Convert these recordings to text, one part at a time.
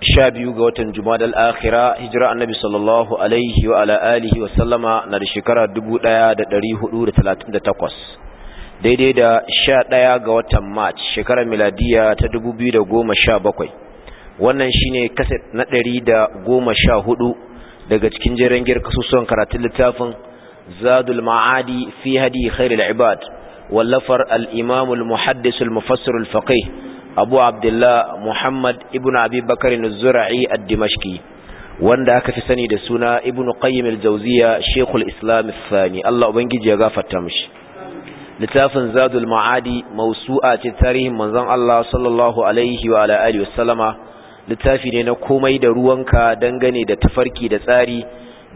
sha biyu ga watan jumada al'akhira hijira annabi sallallahu alaihi wa ala alihi wa sallama na da shekara 1438 daidai da sha ɗaya ga watan march shekarar miladiya ta 2017 wannan shine kaset na 114 daga cikin jiran girka karatun littafin zadul ma'adi fi hadi khairul ibad wallafar al-imamul muhaddisul mufassirul faqih abu abdullah muhammad ibn abi bakar zura'i a dimashki wanda aka fi sani da suna ibn qayyim al-jawziya shekul islam sani Allah ubangiji ya gafarta mishi littafin zadul ma'adi mausu'a ce tarihin manzon Allah sallallahu alaihi wa ala alihi wasallama littafi ne na komai da ruwanka dangane da tafarki da tsari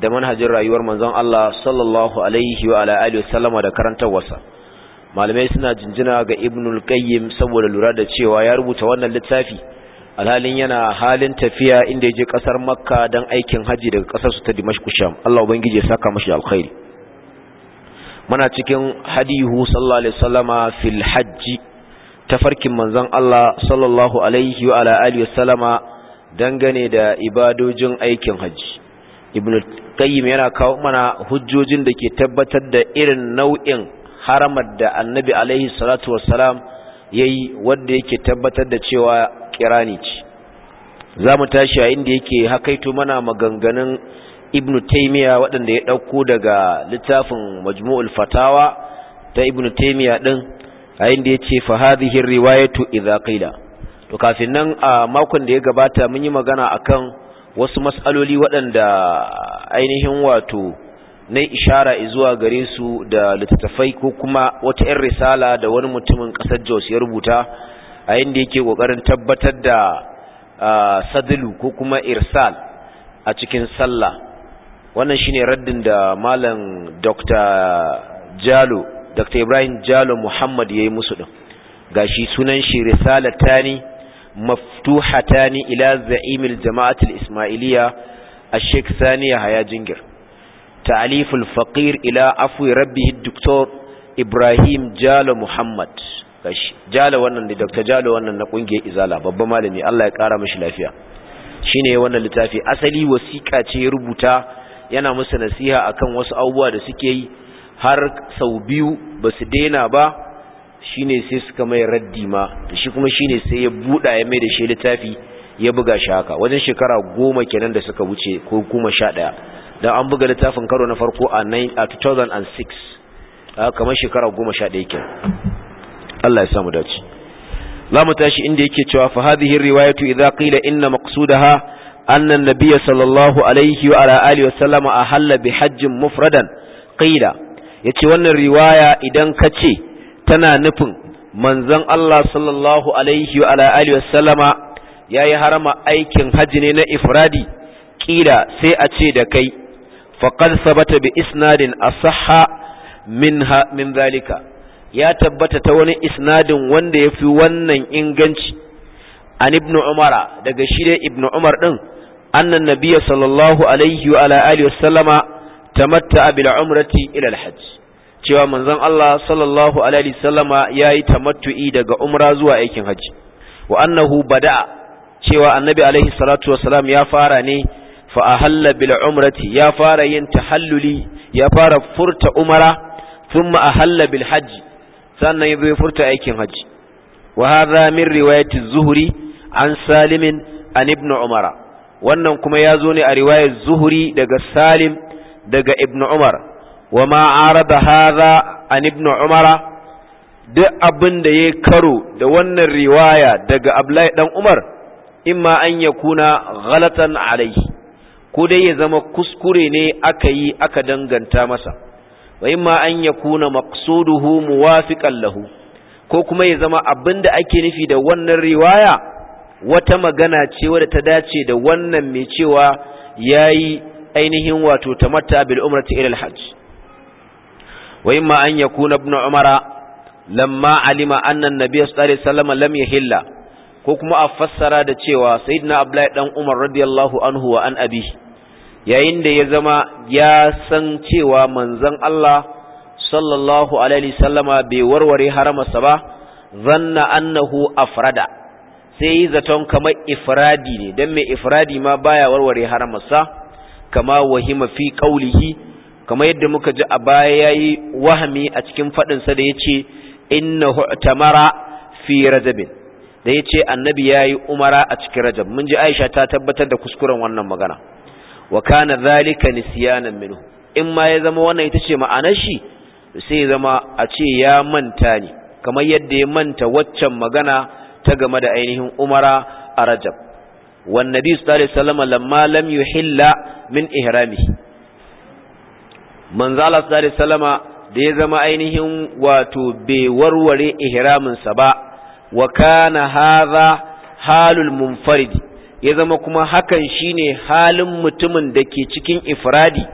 da manhajin rayuwar manzon Allah sallallahu alaihi wa ala alihi wasallama da wasa. malamai suna jinjina ga ibnul qayyim saboda lura da cewa ya rubuta wannan littafi alhalin yana halin tafiya inda ya je kasar makka dan aikin haji daga kasar su ta dimashku sham Allah ubangije ya saka mashi alkhairi muna cikin hadihu sallallahu alaihi wasallama fil hajji tafarkin manzon Allah sallallahu alaihi wa ala alihi wasallama dangane da ibadojin aikin haji ibnu qayyim yana kawo mana hujjojin da ke tabbatar da irin nau'in haramar da annabi alaihi salatu wassalam ya yi wadda yake tabbatar da cewa ne ce za mu tashi a inda yake hakaito mana maganganun ibnu Taimiyya waɗanda ya ɗauko daga littafin majmu'ul fatawa ta ibnu Taimiyya ɗin a inda ya ce fahadihin riwayatu idza qila to kafin nan a makon da ya gabata mun yi magana akan wasu mas'aloli waɗanda ainihin wato na ishara zuwa gare su da littattafai ko kuma wata 'yan risala da wani mutumin ƙasar jos ya rubuta a yadda yake ƙoƙarin tabbatar da sadilu ko kuma irsal a cikin sallah wannan shine raddin da malam dr jalo dr ibrahim jalo muhammad ya yi musu ɗin gashi sunan shi risala ta tani maftuha ni ila za'imil jama'atul ismailiya a sheik saniya haya jingir تعليف fakir ila عفو ربه الدكتور إبراهيم جال محمد jala dr jalo wannan na ƙungiyar izala babban malami Allah ya kara mashi lafiya shine wannan littafi asali wasiƙa ce rubuta yana musu nasiha akan wasu abubuwa da suke yi har sau biyu ba su daina ba shine sai suka mai raddi ma shi kuma shine sai ya buɗa ya mai da shi littafi ya buga shi haka wajen shekara goma kenan da suka wuce ko goma sha ɗaya da an buga littafin karo na farko a 2006 ah, kamar shekara 11 ke. Allah ya samu dace zamu tashi inda yake cewa fa hadhihi riwayatu idza qila inna maqsudaha anna an-nabiy sallallahu alaihi wa ala alihi wa sallama ahalla bi hajjin mufradan qila yace wannan riwaya idan ka ce tana nufin manzon Allah sallallahu alaihi wa ala alihi wa sallama yayi harama aikin haji ne na ifradi kila sai a ce da kai faqad sabata bi isnadin asahha minha min zalika ya tabbata ta wani isnadin wanda ya fi wannan inganci an ibnu umara daga shi dai ibnu umar din annan nabiyyu sallallahu alaihi wa ala alihi wasallama tamatta bil umrati ila al hajj cewa manzon Allah sallallahu alaihi wasallama yayi tamattu'i daga umra zuwa aikin hajji wa annahu bada'a cewa annabi alaihi salatu wasalam ya fara ne fa ahalla bil umrati ya fara yin tahalluli ya fara furta umara thumma hajji sannan ya furta aikin hajji wa hadha min riwayati zuhuri an Salimin an ibn umara wannan kuma ya zo ne a riwayar zuhuri daga salim daga ibn umar wa ma arada hadha an ibn umara duk abin da ya karo da wannan riwaya daga Abdullahi dan Umar imma an yakuna ghalatan alai ko dai ya zama kuskure ne aka yi aka danganta masa wa imma an yakuna maqsuduhu muwafiqan lahu ko kuma ya zama abinda ake nufi da wannan riwaya wata magana ce wadda ta dace da wannan mai cewa yayi ainihin wato tamatta bil umrati ila al hajj wa imma an yakuna ibn umara lamma alima anna an-nabiy sallallahu alaihi wasallam lam yahilla ko kuma a fassara da cewa sayyidina abdullahi dan umar radiyallahu anhu wa an abi yayin da ya zama ya san cewa manzon Allah sallallahu alaihi sallama bai warware haramarsa ba zanna annahu afrada sai yi zaton kamar ifradi ne dan mai ifradi ma baya warware haramarsa kama wahima fi qaulihi kama yadda muka ji a baya yayi wahami a cikin fadin sa da yace innahu tamara fi rajabin da ya ce annabi ya yi umara a cikin rajab mun ji aisha ta tabbatar da kuskuren wannan magana wa kana zalika nisyanan minhu in ma ya zama wannan ita ce ma'anar shi sai ya zama a ce ya manta ne kamar yadda ya manta waccan magana ta game da ainihin umara a rajab wan nabi sallallahu alaihi wasallam lamma lam yuhilla min ihrami manzo Allah sallallahu alaihi wasallam da ya zama ainihin wato bai warware ihramin sa ba wa kana hadha halul munfaridi ya zama kuma hakan shine halin mutumin da ke cikin ifradi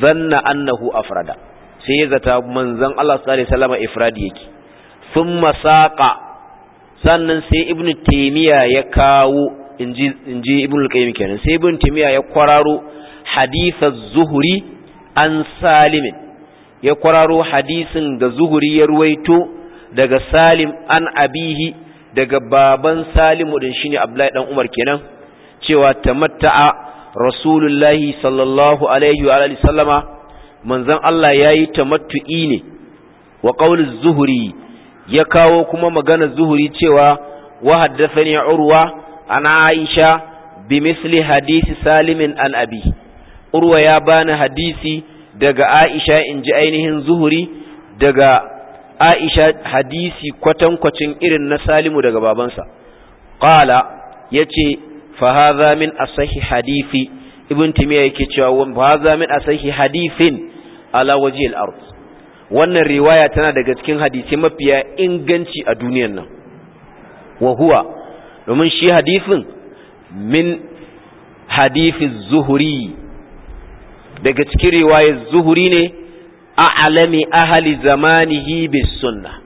zanna annahu afrada sai ya zata manzon Allah sallallahu alaihi wasallam ifradi yake thumma saqa sannan sai ibnu taymiya ya kawo inji inji al qayyim kenan sai ibnu taymiya ya kwararo hadith az-zuhri an salimin ya kwararo hadisin da zuhuri ya ruwaito daga salim an abihi daga baban salimu din shine abdullahi ɗan umar kenan cewa tamatta'a rasulullahi sallallahu alaihi wa alihi sallama manzon Allah yayi tamattu'i ne wa qawlu zuhri ya kawo kuma magana Zuhuri cewa wa haddathani urwa ana aisha bi misli hadisi salimin an abi urwa ya bani hadisi daga aisha in ji ainihin Zuhuri daga Aisha hadisi kwatankwacin irin na Salimu daga babansa qala yace fa hadha min asahi hadithi ibn timiya yake cewa wa hadha min asahi hadithin ala wajhi al-ard wannan riwaya tana daga cikin hadisi mafiya inganci a duniyar nan wa huwa domin shi hadithin min hadithi zuhuri daga cikin riwayar zuhuri ne a'lami ahli zamanihi bis sunnah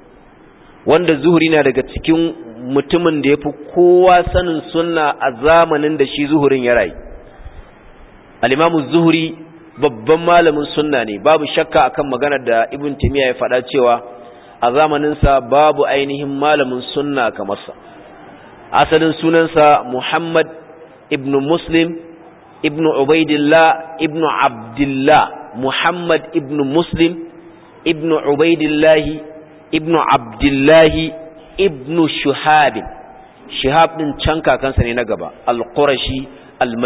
wanda zuhuri na daga cikin mutumin da yafi kowa sanin sunna a zamanin da shi zuhurin ya rayu al zuhuri babban malamin sunna ne babu shakka akan magana da ibn timiya ya faɗa cewa a zamaninsa babu ainihin malamin sunna kamar sa asalin sunansa muhammad ibn muslim ibn ubaidillah ibn abdullah muhammad ibn muslim ibn ubaidillahi ibn abdullahi ibn shuhabin shihab din can kakansa ne na gaba al-qurashi al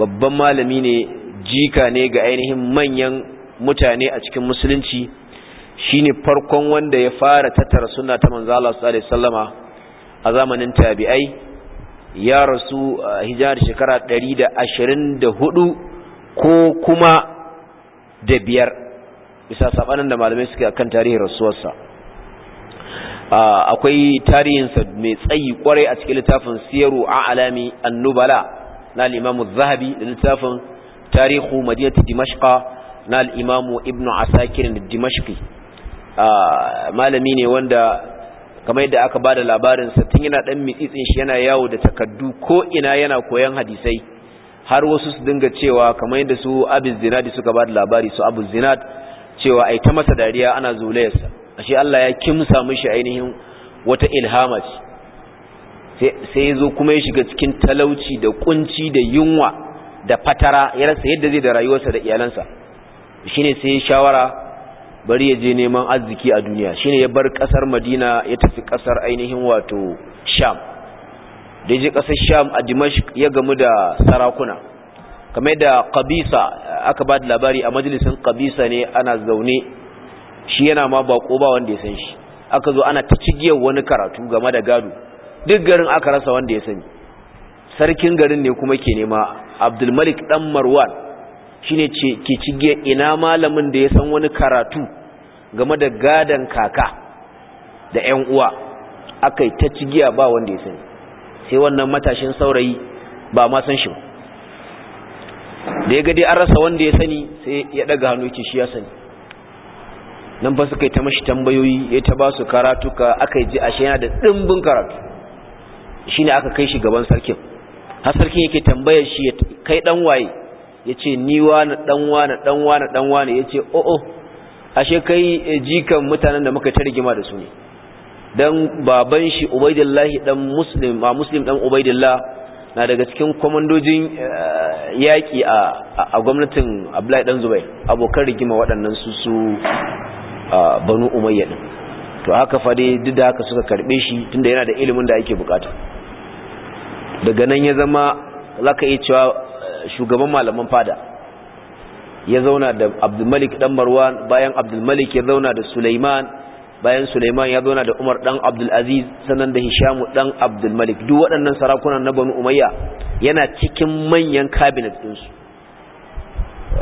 babban malami ne jika ne ga ainihin manyan mutane a cikin musulunci shine farkon wanda ya fara tattara sunna ta manzo Allah sallallahu alaihi wasallama a zamanin tabi'ai ya rasu a hijar shekara 124 ko kuma da biyar bisa sabanin da malamai suke akan tarihin rasuwarsa akwai tarihinsa mai tsayi kwarai a cikin littafin siyaru a alami annubala na al'imamu zahabi da littafin tarihu madinati dimashqa na al'imamu ibnu asakir da dimashqi malami ne wanda kamar yadda aka ba da labarinsa tun yana ɗan mitsitsin shi yana yawo da takaddu ko ina yana koyan hadisai har wasu su dinga cewa kamar yadda su abin zinadi suka ba da labari su abu zinad cewa ai ta masa dariya ana zolayarsa ashe Allah ya kimsa mishi ainihin wata ilhama ce sai ya zo kuma ya shiga cikin talauci da kunci da yunwa da fatara ya rasa yadda zai da rayuwarsa da iyalansa shine sai ya shawara bari ya je neman arziki a duniya shine ya bar kasar Madina ya tafi kasar ainihin wato Sham da ya je sham a dimashk ya gamu da sarakuna kamar da kabisa eh, aka ba da labari a majalisun kabisa ne ana zaune shi yana ma bako ba wanda ya san shi aka zo ana ta cigiyar wani karatu game da gado duk garin aka rasa wanda ya sani sarkin garin ne kuma ke nema abdulmalik dan marwan shine ke cigiyar ina malamin da ya san wani karatu game da gadon kaka da 'yan uwa aka yi ta cigiya ba wanda ya sani sai wannan matashin saurayi ba ma san shi ba. da ya gade an rasa wanda ya sani sai ya daga hannu yake shi ya sani nan ba suka yi ta mashi tambayoyi ya ta ba su karatuka aka yi ji ashe yana da ɗimbin karatu shi ne aka kai shi gaban sarkin har sarkin yake tambayar shi ya kai ɗan waye ya ce ni wani ɗan wani ɗan wani ɗan wani ya ce o'o oh, oh, ashe kai eh, jikan mutanen da muka ta rigima da su ne dan baban shi ubaidillahi dan muslim ba muslim dan Ubaydullah na daga cikin komandojin eh, yaƙi a a gwamnatin abdullahi dan zubair abokan rigima waɗannan su su banu umayya din to haka fa dai duk da haka suka karbe shi tunda yana da ilimin da ake bukata daga nan ya zama zaka iya cewa eh, shugaban malaman fada ya zauna da abdulmalik dan marwan bayan abdulmalik ya zauna da sulaiman bayan Suleiman ya zo da Umar dan Abdul Aziz sannan da Hishamu dan Abdul Malik duk waɗannan sarakunan na Banu Umayya yana cikin manyan cabinet ɗinsu su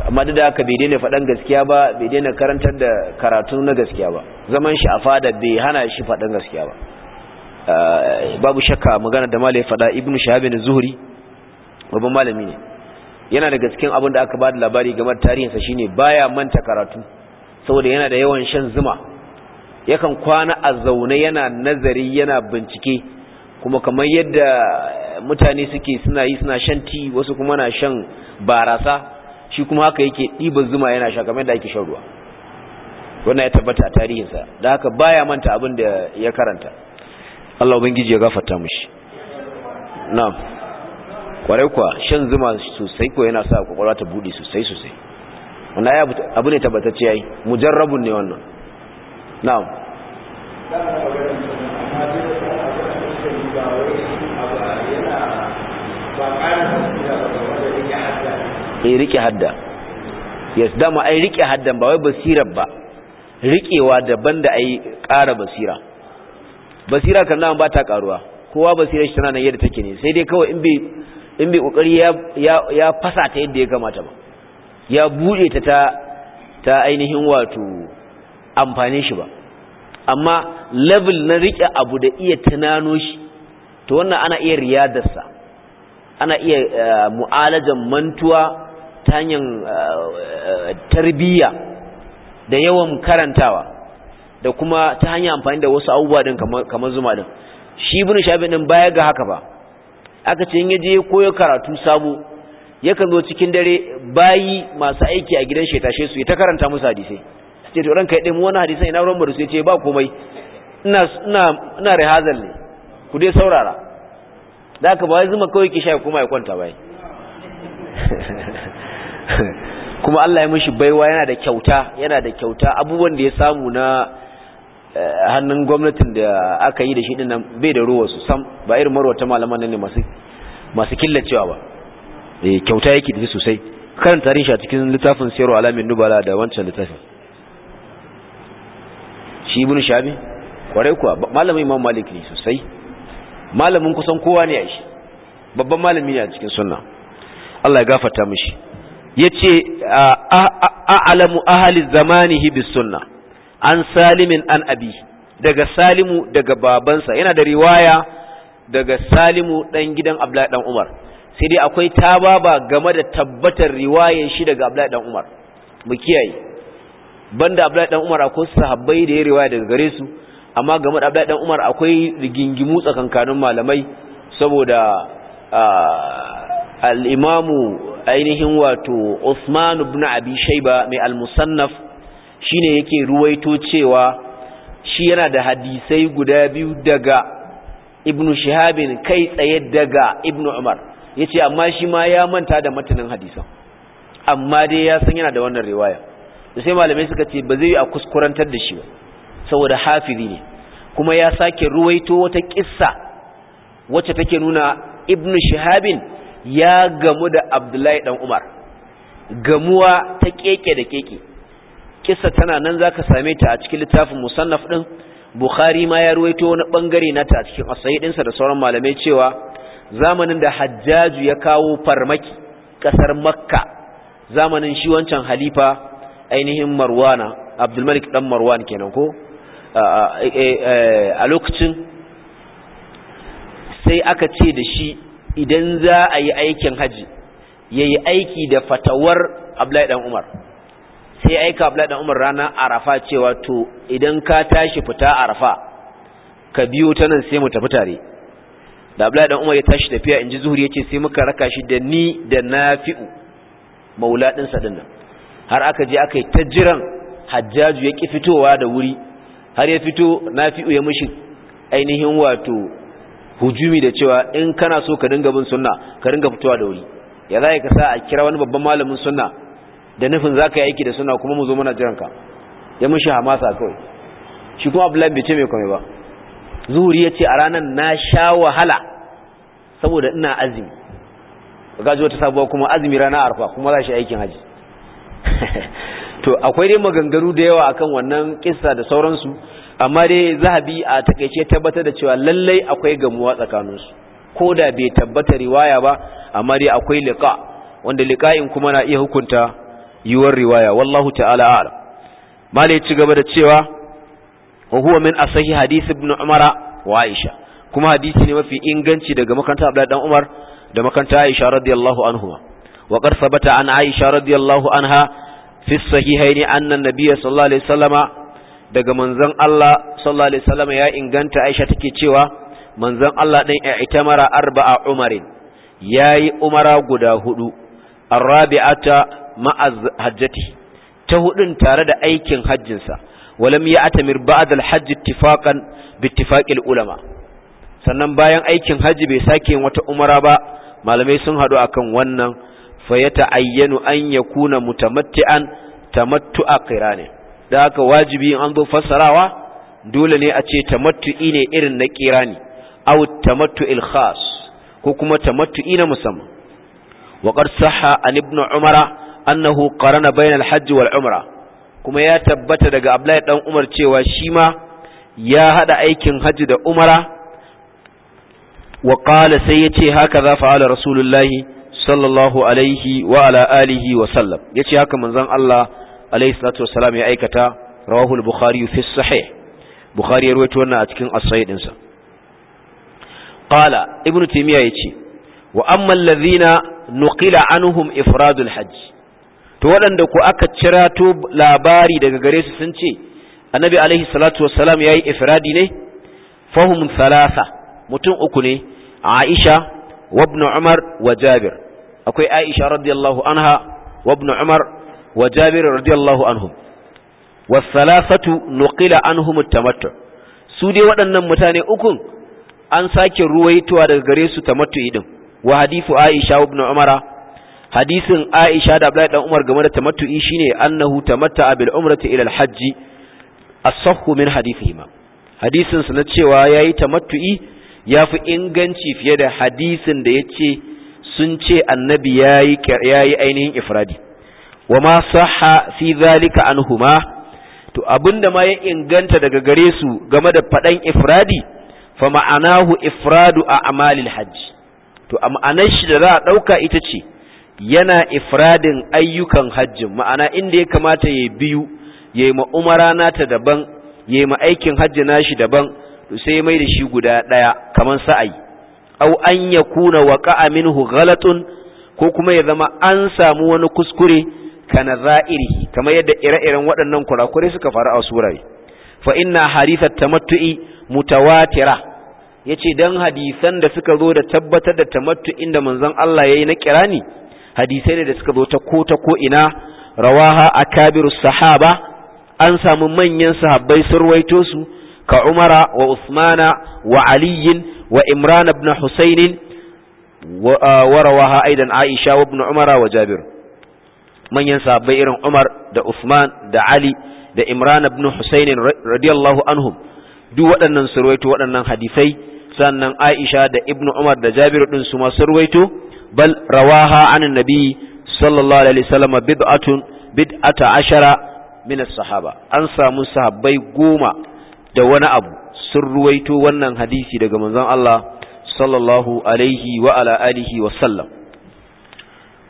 amma duk da haka bai daina faɗan gaskiya ba bai daina karantar da karatu na gaskiya ba zaman shi a fada bai hana shi faɗan gaskiya ba eh, babu shakka magana da malai faɗa Ibn Shahab Zuhri babban malami ne yana da gaskiyan abin da aka ba da labari game da tarihinsa shine baya manta karatu saboda yana da yawan shan zuma yakan kwana a zaune yana nazari yana bincike kuma kamar yadda mutane suke suna yi suna shan ti wasu kuma na shan barasa shi kuma haka yake ɗiban zuma yana sha kamar da ake shan ruwa wannan ya tabbata a tarihinsa da haka baya manta abin da ya karanta Allah ubangiji ya gafarta mushi na'am kwarai kwa shan zuma sosai ko yana sa kwakwalwa ta bude sosai sosai wannan abu ne tabbatacce yayi mujarrabun ne wannan na'am e rike hadda yes dama ai rike haddan ba wai basirar ba rikewa daban da ai ƙara basira basira kan nan ba ta karuwa kowa basira shi tana nan yadda take ne sai dai kawai in bai in ya fasa ta yadda ya kamata ba ya buɗe ta ta ainihin wato amfane shi ba amma level na rike abu da iya tunano shi to wannan ana iya riyadarsa ana iya eh, mu'alajan mantuwa ta hanyar eh, tarbiyya da yawan karantawa da kuma ta hanyar amfani da wasu abubuwa din kamar zuma din shi bin shafi din baya ga haka ba aka ce in yaje koyo karatu sabo yakan zo cikin dare bayi masu aiki a gidan shetashe su ya ta karanta musu hadisai ce to ranka ya dai mu wani hadisan ina ruwan mu da su ba komai ina ina ina rehazal ne ku dai saurara da ka ba zuma kawai ki sha kuma ya kwanta bai kuma Allah ya mishi baiwa yana da kyauta yana da kyauta abubuwan da ya samu na eh, hannun gwamnatin da aka yi da shi dinnan bai da ruwa su sam ba irin marwata malaman nan ne masu masu killacewa ba eh kyauta yake da sosai karanta rin shi a cikin littafin sirru alamin nubala da wancan littafin shi ibn shabi kwarai kuwa malamin imam malik ne sosai malamin kusan kowa ne a shi babban malami ne a cikin sunna Allah ya gafarta mishi yace a'lamu ahli zamanihi bis sunna an salimin an abi daga salimu daga babansa yana da riwaya daga salimu dan gidan abdullahi dan umar sai dai akwai tababa game da tabbatar riwayar shi daga abdullahi dan umar mu kiyaye banda Abdullahi dan Umar akwai sahabbai da ya riwaya daga gare su amma game da Abdullahi dan Umar akwai rigingimu tsakankanin malamai saboda al ainihin wato Usman ibn Abi Shayba mai al-Musannaf shine yake ruwaito cewa shi yana da hadisai guda biyu daga Ibn Shihabin kai tsaye daga Ibn Umar ya ce, amma shi ma ya manta da matanin hadisan amma dai ya san yana da wannan riwaya to sai malamai suka ce ba zai a kuskurantar da shi ba saboda hafizi ne kuma ya sake ruwaito wata kissa wacce take nuna ibnu shahabin ya gamu da abdullahi dan umar gamuwa ta keke da keke kissa tana nan zaka same ta a cikin littafin musannaf din bukhari ma ya ruwaito wani bangare na ta a cikin asayidinsa da sauran malamai cewa zamanin da hajjaju ya kawo farmaki kasar makka zamanin shi wancan halifa ainihin marwana abdulmalik dan marwan kenan ko a lokacin sai aka ce da shi idan za a yi aikin haji ya yi aiki da fatawar abdullahi dan umar sai aika abdullahi dan umar rana arafa cewa to idan ka tashi fita arafa ka biyo ta nan sai mu tafi tare da abdullahi dan umar ya tashi tafiya in ji zuhuri yace sai muka raka shi da ni da nafi'u maula sadin nan. har aka je aka yi ta jiran hajjaju ya ƙi fitowa da wuri har ya fito na fi ya mishi ainihin wato hujumi da cewa in kana so ka dinga bin sunna ka dinga fitowa da wuri ya za ka sa a kira wani babban malamin sunna da nufin za ka yi aiki da sunna kuma mu zo mana jiranka ya mushi hamasa kawai shi kuma abdullahi bai ce mai kwame ba zuhuri ya ce a ranar na sha wahala saboda ina azumi gaji wata sabuwa kuma azumi rana arfa kuma za shi aikin haji to akwai dai magangaru da yawa akan wannan kissa da sauransu amma dai zahabi a takeice tabbatar da cewa lallai akwai gamuwa tsakaninsu ko da bai tabbata riwaya ba amma dai akwai liqa wanda liqa'in kuma na iya hukunta yiwuwar riwaya wallahu ta'ala a'lam Mali ya ci gaba da cewa wa huwa min asahi hadith ibn umara wa aisha kuma hadisi ne mafi inganci daga makaranta abdullahi dan umar da makaranta aisha radiyallahu anhu. وقد ثبت عن عائشة رضي الله عنها في الصحيحين أن النبي صلى الله عليه وسلم daga manzon Allah sallallahu alaihi wasallam ya inganta Aisha take cewa manzon Allah din ya itamara arba'a umarin yayi umara guda hudu arabi'ata ma'az hajjati ta hudun tare da aikin hajjin sa walam ya'tamir ba'd al-hajj ittifaqan bi ulama sannan bayan aikin hajji bai sake yin wata umara ba malamai sun hadu akan wannan ayyanu an kuna mutamatti'an tamattu'a qirani da aka wajibi an zo fassarawa dole ne a ce tamattu'i ne irin na ƙirani au tamattu'il ilkhas ko kuma tamattu'i na musamman wa qad an ibnu umara annahu qarana bayna al-hajj wal umra kuma ya tabbata daga abdullahi dan umar cewa shi ma ya hada aikin hajji da umara wa qala sai ce haka za fa'ala rasulullahi sallallahu alaihi wa ala alihi wa sallam yace haka manzon Allah alaihi salatu wassalam ya aikata rawahu al-bukhari fi sahih bukhari ya rawaito wannan a cikin as-sahih dinsa qala ibnu taymiya yace wa amma alladhina nuqila anhum ifradul hajj to waɗanda ku aka to labari daga gare su sun ce annabi alaihi salatu wassalam yayi ifradi ne fahum thalatha mutum uku ne aisha wa umar wa jabir akwai Aisha radiyallahu anha wa ibn Umar wa Jabir radiyallahu anhum was salasatu nuqila anhum at-tamattu su dai waɗannan mutane ukun an sake ruwaitowa daga gare su tamattu idin wa hadithu Aisha ibn Umara hadisin Aisha da Abdullahi dan Umar game da tamattu'i shine annahu tamatta'a bil umrati ila al-hajj as-sahhu min hadithihima hadisin su na cewa yayi ya yafi inganci fiye da hadisin da yace sun ce annabi ya yi ainihin ifradi wa ma saha fi zalika huma to abinda ma ya inganta daga gare su game da fadan ifradi fa ma'anahu ifradu a amalil hajji to a ma'anar shi da za a dauka ita ce yana ifradin ayyukan hajjin ma'ana inda ya kamata ya biyu ya ma umara nata daban ya ma aikin hajji nashi daban sai mai da shi guda daya kamar sa'ayi aw an yakuna waqa'a minhu ghalatun ko kuma ya zama an samu wani kuskure kana za'irihi kamar yadda ire-iren waɗannan kurakurai suka faru a surai fa inna hadithat tamattu'i mutawatira yace dan hadisan da suka zo da tabbatar da tamattu da manzon Allah yayi na kirani hadisai ne da suka zo ta ko ta ko ina rawaha akabirus sahaba an samu manyan sahabbai sun ruwaito su ka Umara wa Usmana wa Aliyin wa imran ibn husayn uh, wa rawaha aidan aisha wa ibn umara wa manyan sahabbai irin umar da usman da ali da imran ibn husayn radiyallahu anhum duk waɗannan surwaito waɗannan hadisai sannan aisha da ibn umar da jabir din su ma surwaito bal rawaha anin nabi sallallahu alaihi wasallam bid'atun bid'ata ashara mina sahaba an samu sahabbai goma da wani abu sun ruwaito wannan hadisi daga manzon Allah sallallahu alaihi wa ala alihi wa sallam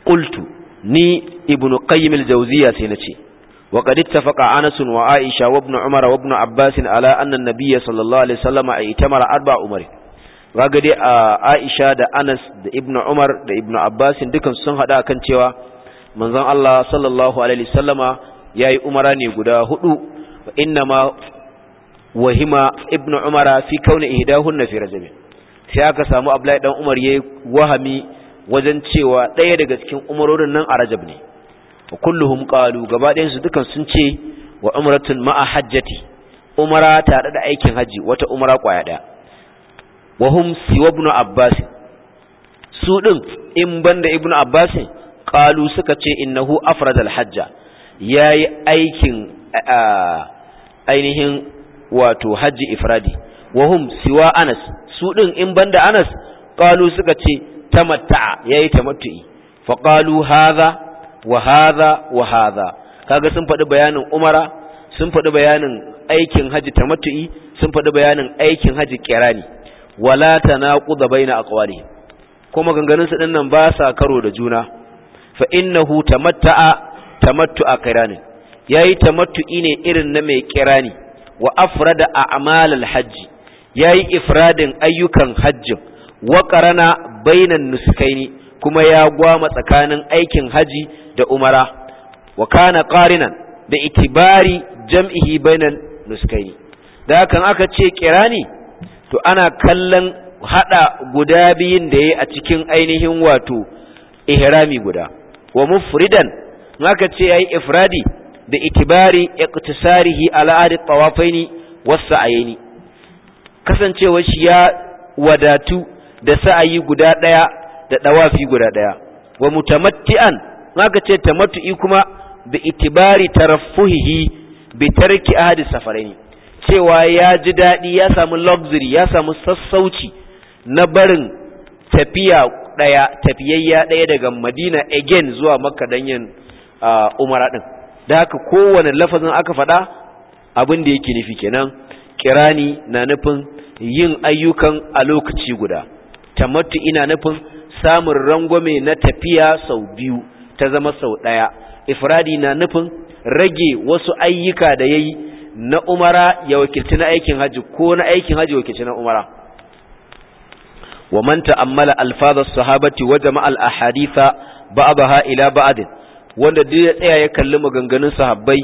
qultu ni ibnu qayyim al-jawziyya sai nace wa qad ittafaqa Anas wa Aisha wa ibn Umar wa ibn Abbas ala anna an-nabiy sallallahu alaihi wasallam ay tamara arba umar waga a Aisha da Anas da ibn Umar da ibn Abbas dukan sun hada kan cewa manzon Allah sallallahu alaihi wasallama yayi umara ne guda hudu inna ma wahima ibnu umara fi kauna ihdahunna fi rajab sai aka samu ablai dan umar yayi wahami wajen cewa ɗaya daga cikin umarorin nan a rajab ne wa kulluhum qalu gaba su dukan sun ce wa umratun ma'a hajjati umara tare da aikin haji wata umara kwaya ɗaya wa hum siwa ibn abbas su din in banda ibn abbas qalu suka ce innahu afrada hajja yayi aikin ainihin wato hajji ifradi wahum siwa anas su ɗin in banda anas qalu suka ce tamatta'a yayi tamattu'i fa qalu hadha wa hadha wa hadha kaga sun faɗi bayanin umara sun faɗi bayanin aikin haji tamattu'i sun faɗi bayanin aikin haji kirani wala da baina aqwalihim kuma ganganin su dinnan ba sa karo da juna fa innahu tamatta'a tamattu'a Ya yayi tamattu'i ne irin na mai ƙirani. wa afrada a'mal al-hajj yayi ifradin ayyukan hajjin wa qarana bainan nuskaini kuma ya gwama tsakanin aikin haji da umara wa kana qarinan da itibari jam'ihi bainan nuskaini da kan aka ce kirani to ana kallon hada guda biyun da yayi a cikin ainihin wato ihrami guda wa mufridan aka ce yayi ifradi da itibari iqtisarihi ala adi tawafaini wasa'aini kasancewar shi ya wadatu da sa'ayi guda daya da dawafi guda daya wa mutamatti'an zaka ce tamattu'i kuma bi itibari taraffuhihi bi tarki ahadi safaraini cewa ya ji daɗi ya samu luxury ya samu sassauci na barin tafiya ɗaya tafiyayya ɗaya daga Madina again zuwa Makka danyen ah, umara din da haka kowane lafazin aka faɗa abin da yake nufi kenan kirani na nufin yin ayyukan a lokaci guda tamattu ina nufin samun rangwame na tafiya sau biyu ta zama sau ɗaya ifradi na nufin rage wasu ayyuka da ya yi na umara ya wakilci na aikin hajji ko na aikin hajji wakilci na umara wa man ta'ammala alfazus sahabati wa jama'al ahaditha ba'daha ila ba'd wanda duk ya tsaya ya kalli maganganun sahabbai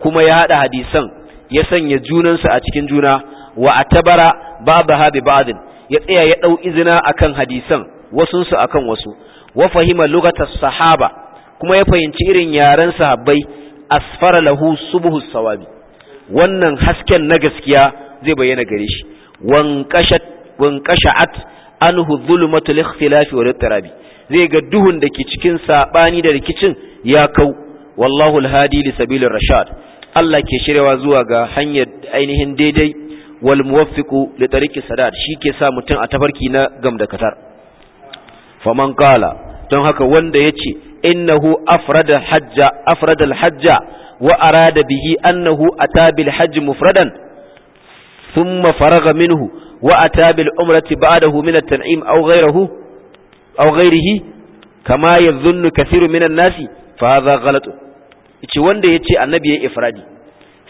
kuma ya haɗa hadisan ya sanya junansa a cikin juna wa atabara babu habi din. ya tsaya ya dau izina akan hadisan wasunsu a kan wasu wa fahima lokacin sahaba kuma ya fahimci irin yaren sahabbai asfara lahu subuhu sawabi wannan hasken na gaskiya zai bayyana gare shi wan kasha'at anhu zulmatul ikhtilafi wa tarabi zai ga duhun da ke cikin sabani da rikicin ya kau wallahu alhadi li sabilir rashad Allah ke shirewa zuwa ga hanyar ainihin daidai wal muwaffiqu li tariqi sadad ke sa mutum a tafarki na gamdakatar faman qala don haka wanda yace innahu afrada hajja afrada alhajja wa arada bihi annahu ata hajj mufradan thumma faragha minhu wa ata umrati ba'dahu min at-tan'im aw ghayrihi kama yadhunnu kathiru minan nasi fa za ghalatun yace wanda yace annabi ya ifradi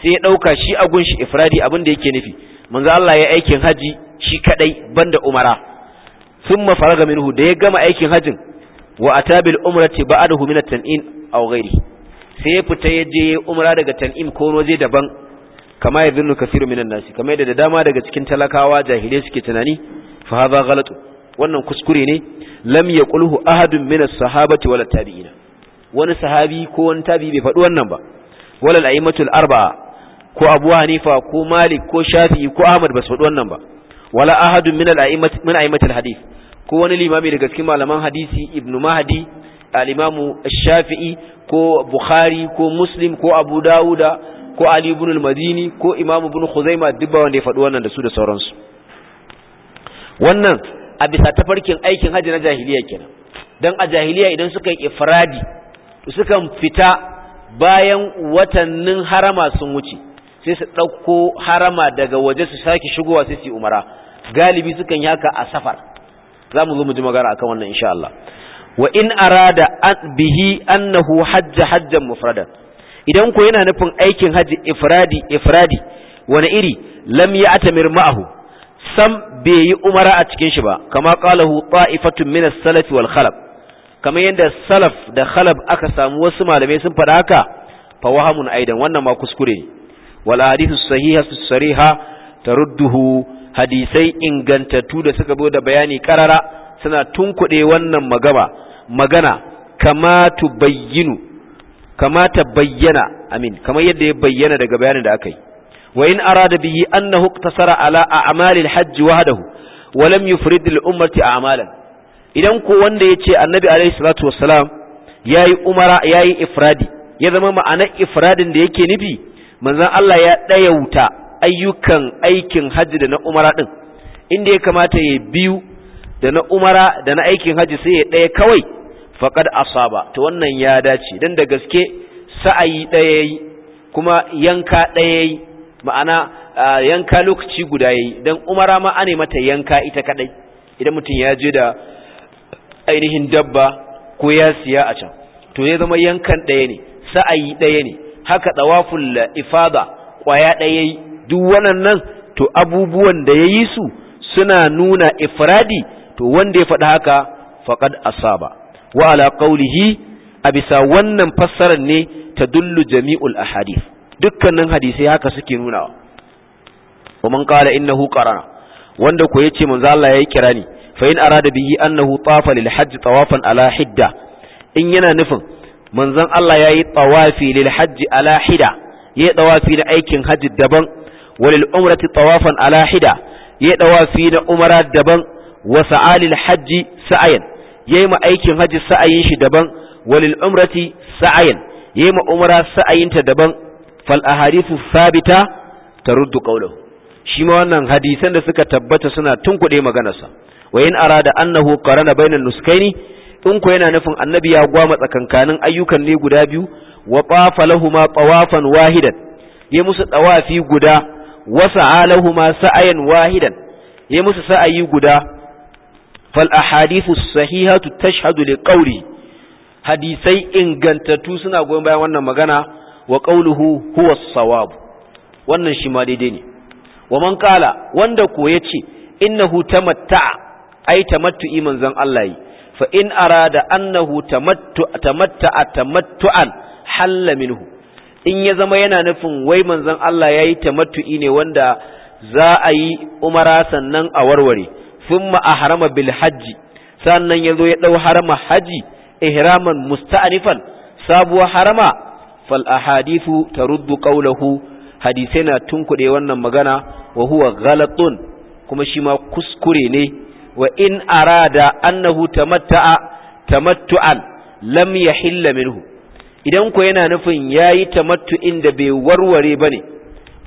sai ya dauka shi a gunshi ifradi abin da yake nufi manzo Allah ya aikin haji shi kadai banda umara thumma faraga minhu da ya gama aikin hajin wa atabil umrati ba'dahu min at-tan'in aw ghairi sai ya fita ya je umra daga tan'im ko waje daban kama ya zunnu minan nasi kama yadda da dama daga cikin talakawa jahilai suke tunani fa hadha ghalatun wannan kuskure ne lam yaqulhu ahadun min as-sahabati wala tabi'ina wani sahabi ko wani tabi bai faɗi wannan ba wala al'aimatul arba'a ko abu hanifa ko malik ko shafi'i ko ahmad ba su faɗi wannan ba wala ahadun min al'aimat min aimatul hadith ko wani limami daga cikin malaman hadisi ibnu mahdi al-imamu shafi'i ko bukhari ko muslim ko abu dauda ko ali ibn al-madini ko imamu ibn khuzaima duk ba wanda ya faɗi wannan da su da sauransu wannan a bisa tafarkin aikin hajji na jahiliya kenan dan a jahiliya idan suka yi ifradi sukan fita bayan watannin harama sun wuce sai su ɗauko harama daga waje su sake shigowa sai su umara galibi sukan yi haka a safar za mu zo mu ji magana akan wannan insha Allah wa in arada bihi annahu hajja hajjan mufradan idan ko yana nufin aikin haji ifradi ifradi wani iri lam ya atamir ma'ahu sam bai yi umara a cikin shi ba kama qalahu ta'ifatun min as-salaf wal khalaf kamar yadda salaf da khalaf aka samu wasu malamai sun faɗa haka fa wahamun aidan wannan ma kuskure ne wal hadithu sahiha sariha tarudduhu hadisai ingantattu da suka zo da bayani karara suna tunkuɗe wannan magaba magana kama tubayyinu kama tabayyana amin kamar yadda ya bayyana daga bayanin da aka yi wa in arada bihi annahu iktasara ala a'malil hajj wahdahu wa lam yufrid lil ummati a'malan idan ko wanda ya ce annabi alaihi salatu wassalam ya yi umara ya yi ifradi ya zama ma'anar ifradin da yake nufi manzan Allah ya ɗayauta ayyukan aikin hajji da na umara ɗin inda ya kamata ya biyu da na umara da na aikin hajji sai ya ɗaya kawai faƙad asaba to wannan ya dace don da gaske sa'ayi ɗaya yi kuma yanka ɗaya yi ma'ana yanka lokaci guda yi don umara ma ane mata yanka ita kaɗai idan mutum ya je da ainihin dabba ko ya siya a can to ya zama yankan ɗaya ne sa'ayi ɗaya ne haka tsawafin ifada ƙwaya ɗaya duk wannan to abubuwan da ya yi su suna nuna ifradi to wanda ya faɗi haka faƙad asaba wa ala qawlihi a bisa wannan fassarar ne ta dullu jami'ul ahadith dukkanin hadisai haka suke nunawa wa man qala innahu qarana wanda ko yace manzo Allah yayi kirani fa in arada bihi annahu tafa lil hajj tawafan ala hidda in yana nufin manzon Allah ya yi tawafi lil hajj ala hida yi tawafi na aikin hajji daban walil umrati tawafan ala hida yi tawafi na umara daban wa sa'alil hajj sa'ayan yi ma aikin hajji sa'ayin shi daban walil umrati sa'ayan yi ma umara sa'ayinta daban fal ahadithu thabita taruddu qawluhu shi ma wannan hadisan da suka tabbata suna tunkuɗe maganarsa wa in arada annahu qarana bainan nuskaini in ko yana nufin annabi ya gwama tsakankanin ayyukan ne guda biyu wa tafa lahumu tawafan wahidan ya musu tawafi guda wa sa'a lahumu sa'ayan wahidan ya musu sa'ayi guda fal ahadithus sahihatu tashhadu li qawli hadisai ingantattu suna goyon bayan wannan magana wa qawluhu huwa sawab wannan shi ma daidai ne wa man qala wanda ko yace innahu tamatta'a ai iman zan Allah yi fa in arada annahu tamattu tamatta'a tamattu'an halla minhu in ya zama yana nufin wai manzon Allah yayi tamattu'i ne wanda za a yi umara sannan a warware thumma ahrama bil hajji sannan yazo ya dau harama haji ihraman musta'nifan sabuwar harama fal ahadithu taruddu qawluhu hadisai na tunkuɗe wannan magana wa huwa ghalatun kuma shi ma kuskure ne wa in arada annahu tamatta'a tamattu'an lam yahilla minhu idan ku yana nufin yayi tamattu'in da bai warware ba ne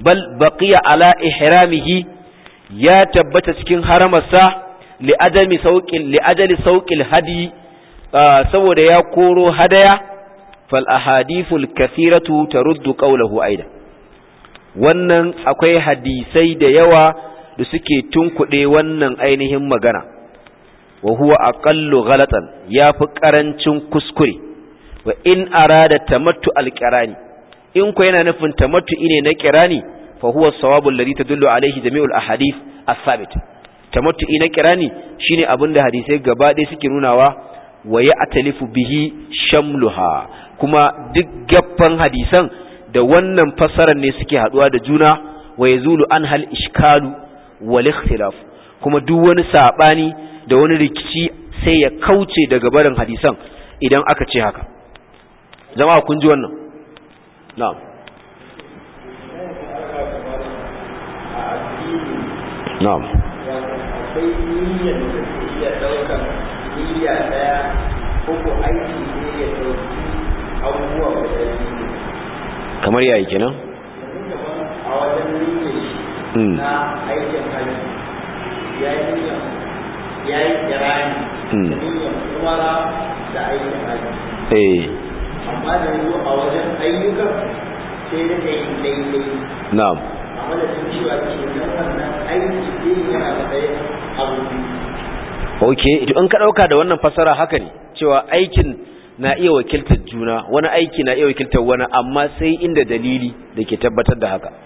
bal baqiya ala ihramihi ya tabbata cikin haramarsa li adami sauqil ajali sauqil hadi saboda ya koro hadaya fal ahadithul kathiratu taruddu qawluhu aida wannan akwai hadisai da yawa da suke tunkuɗe wannan ainihin magana wa huwa aqallu ghalatan fi karancin kuskure wa in arada tamattu alqirani in ko yana nufin tamattu ne na qirani fa huwa sawabul ladhi tadullu alayhi jami'ul ahadith as-sabit tamattu na qirani shine abinda hadisai gaba ɗaya suke nunawa wa ya atalifu bihi shamluha kuma duk gaffan hadisan da wannan fassarar ne suke haɗuwa da juna wa yazulu an hal ishkalu walikhtilaf kuma duk wani sabani da wani rikici sai ya kauce daga barin hadisan idan aka ce haka jama'a kun ji wannan na'am na'am kamar yayi kenan a wajen niyyar Hmm. na aikin hajji ya yi niyyar ya yi kirani da hmm. niyyar umara da aikin hajji eh. amma da a wajen ayyukan sai da kai daidai na'am amma da sun cewa ke nan wannan aiki din yana matsayin abu ok to in ka ɗauka da wannan fasara haka ne cewa aikin na iya wakiltar juna wani aiki na iya wakiltar wani amma sai inda dalili da ke tabbatar da haka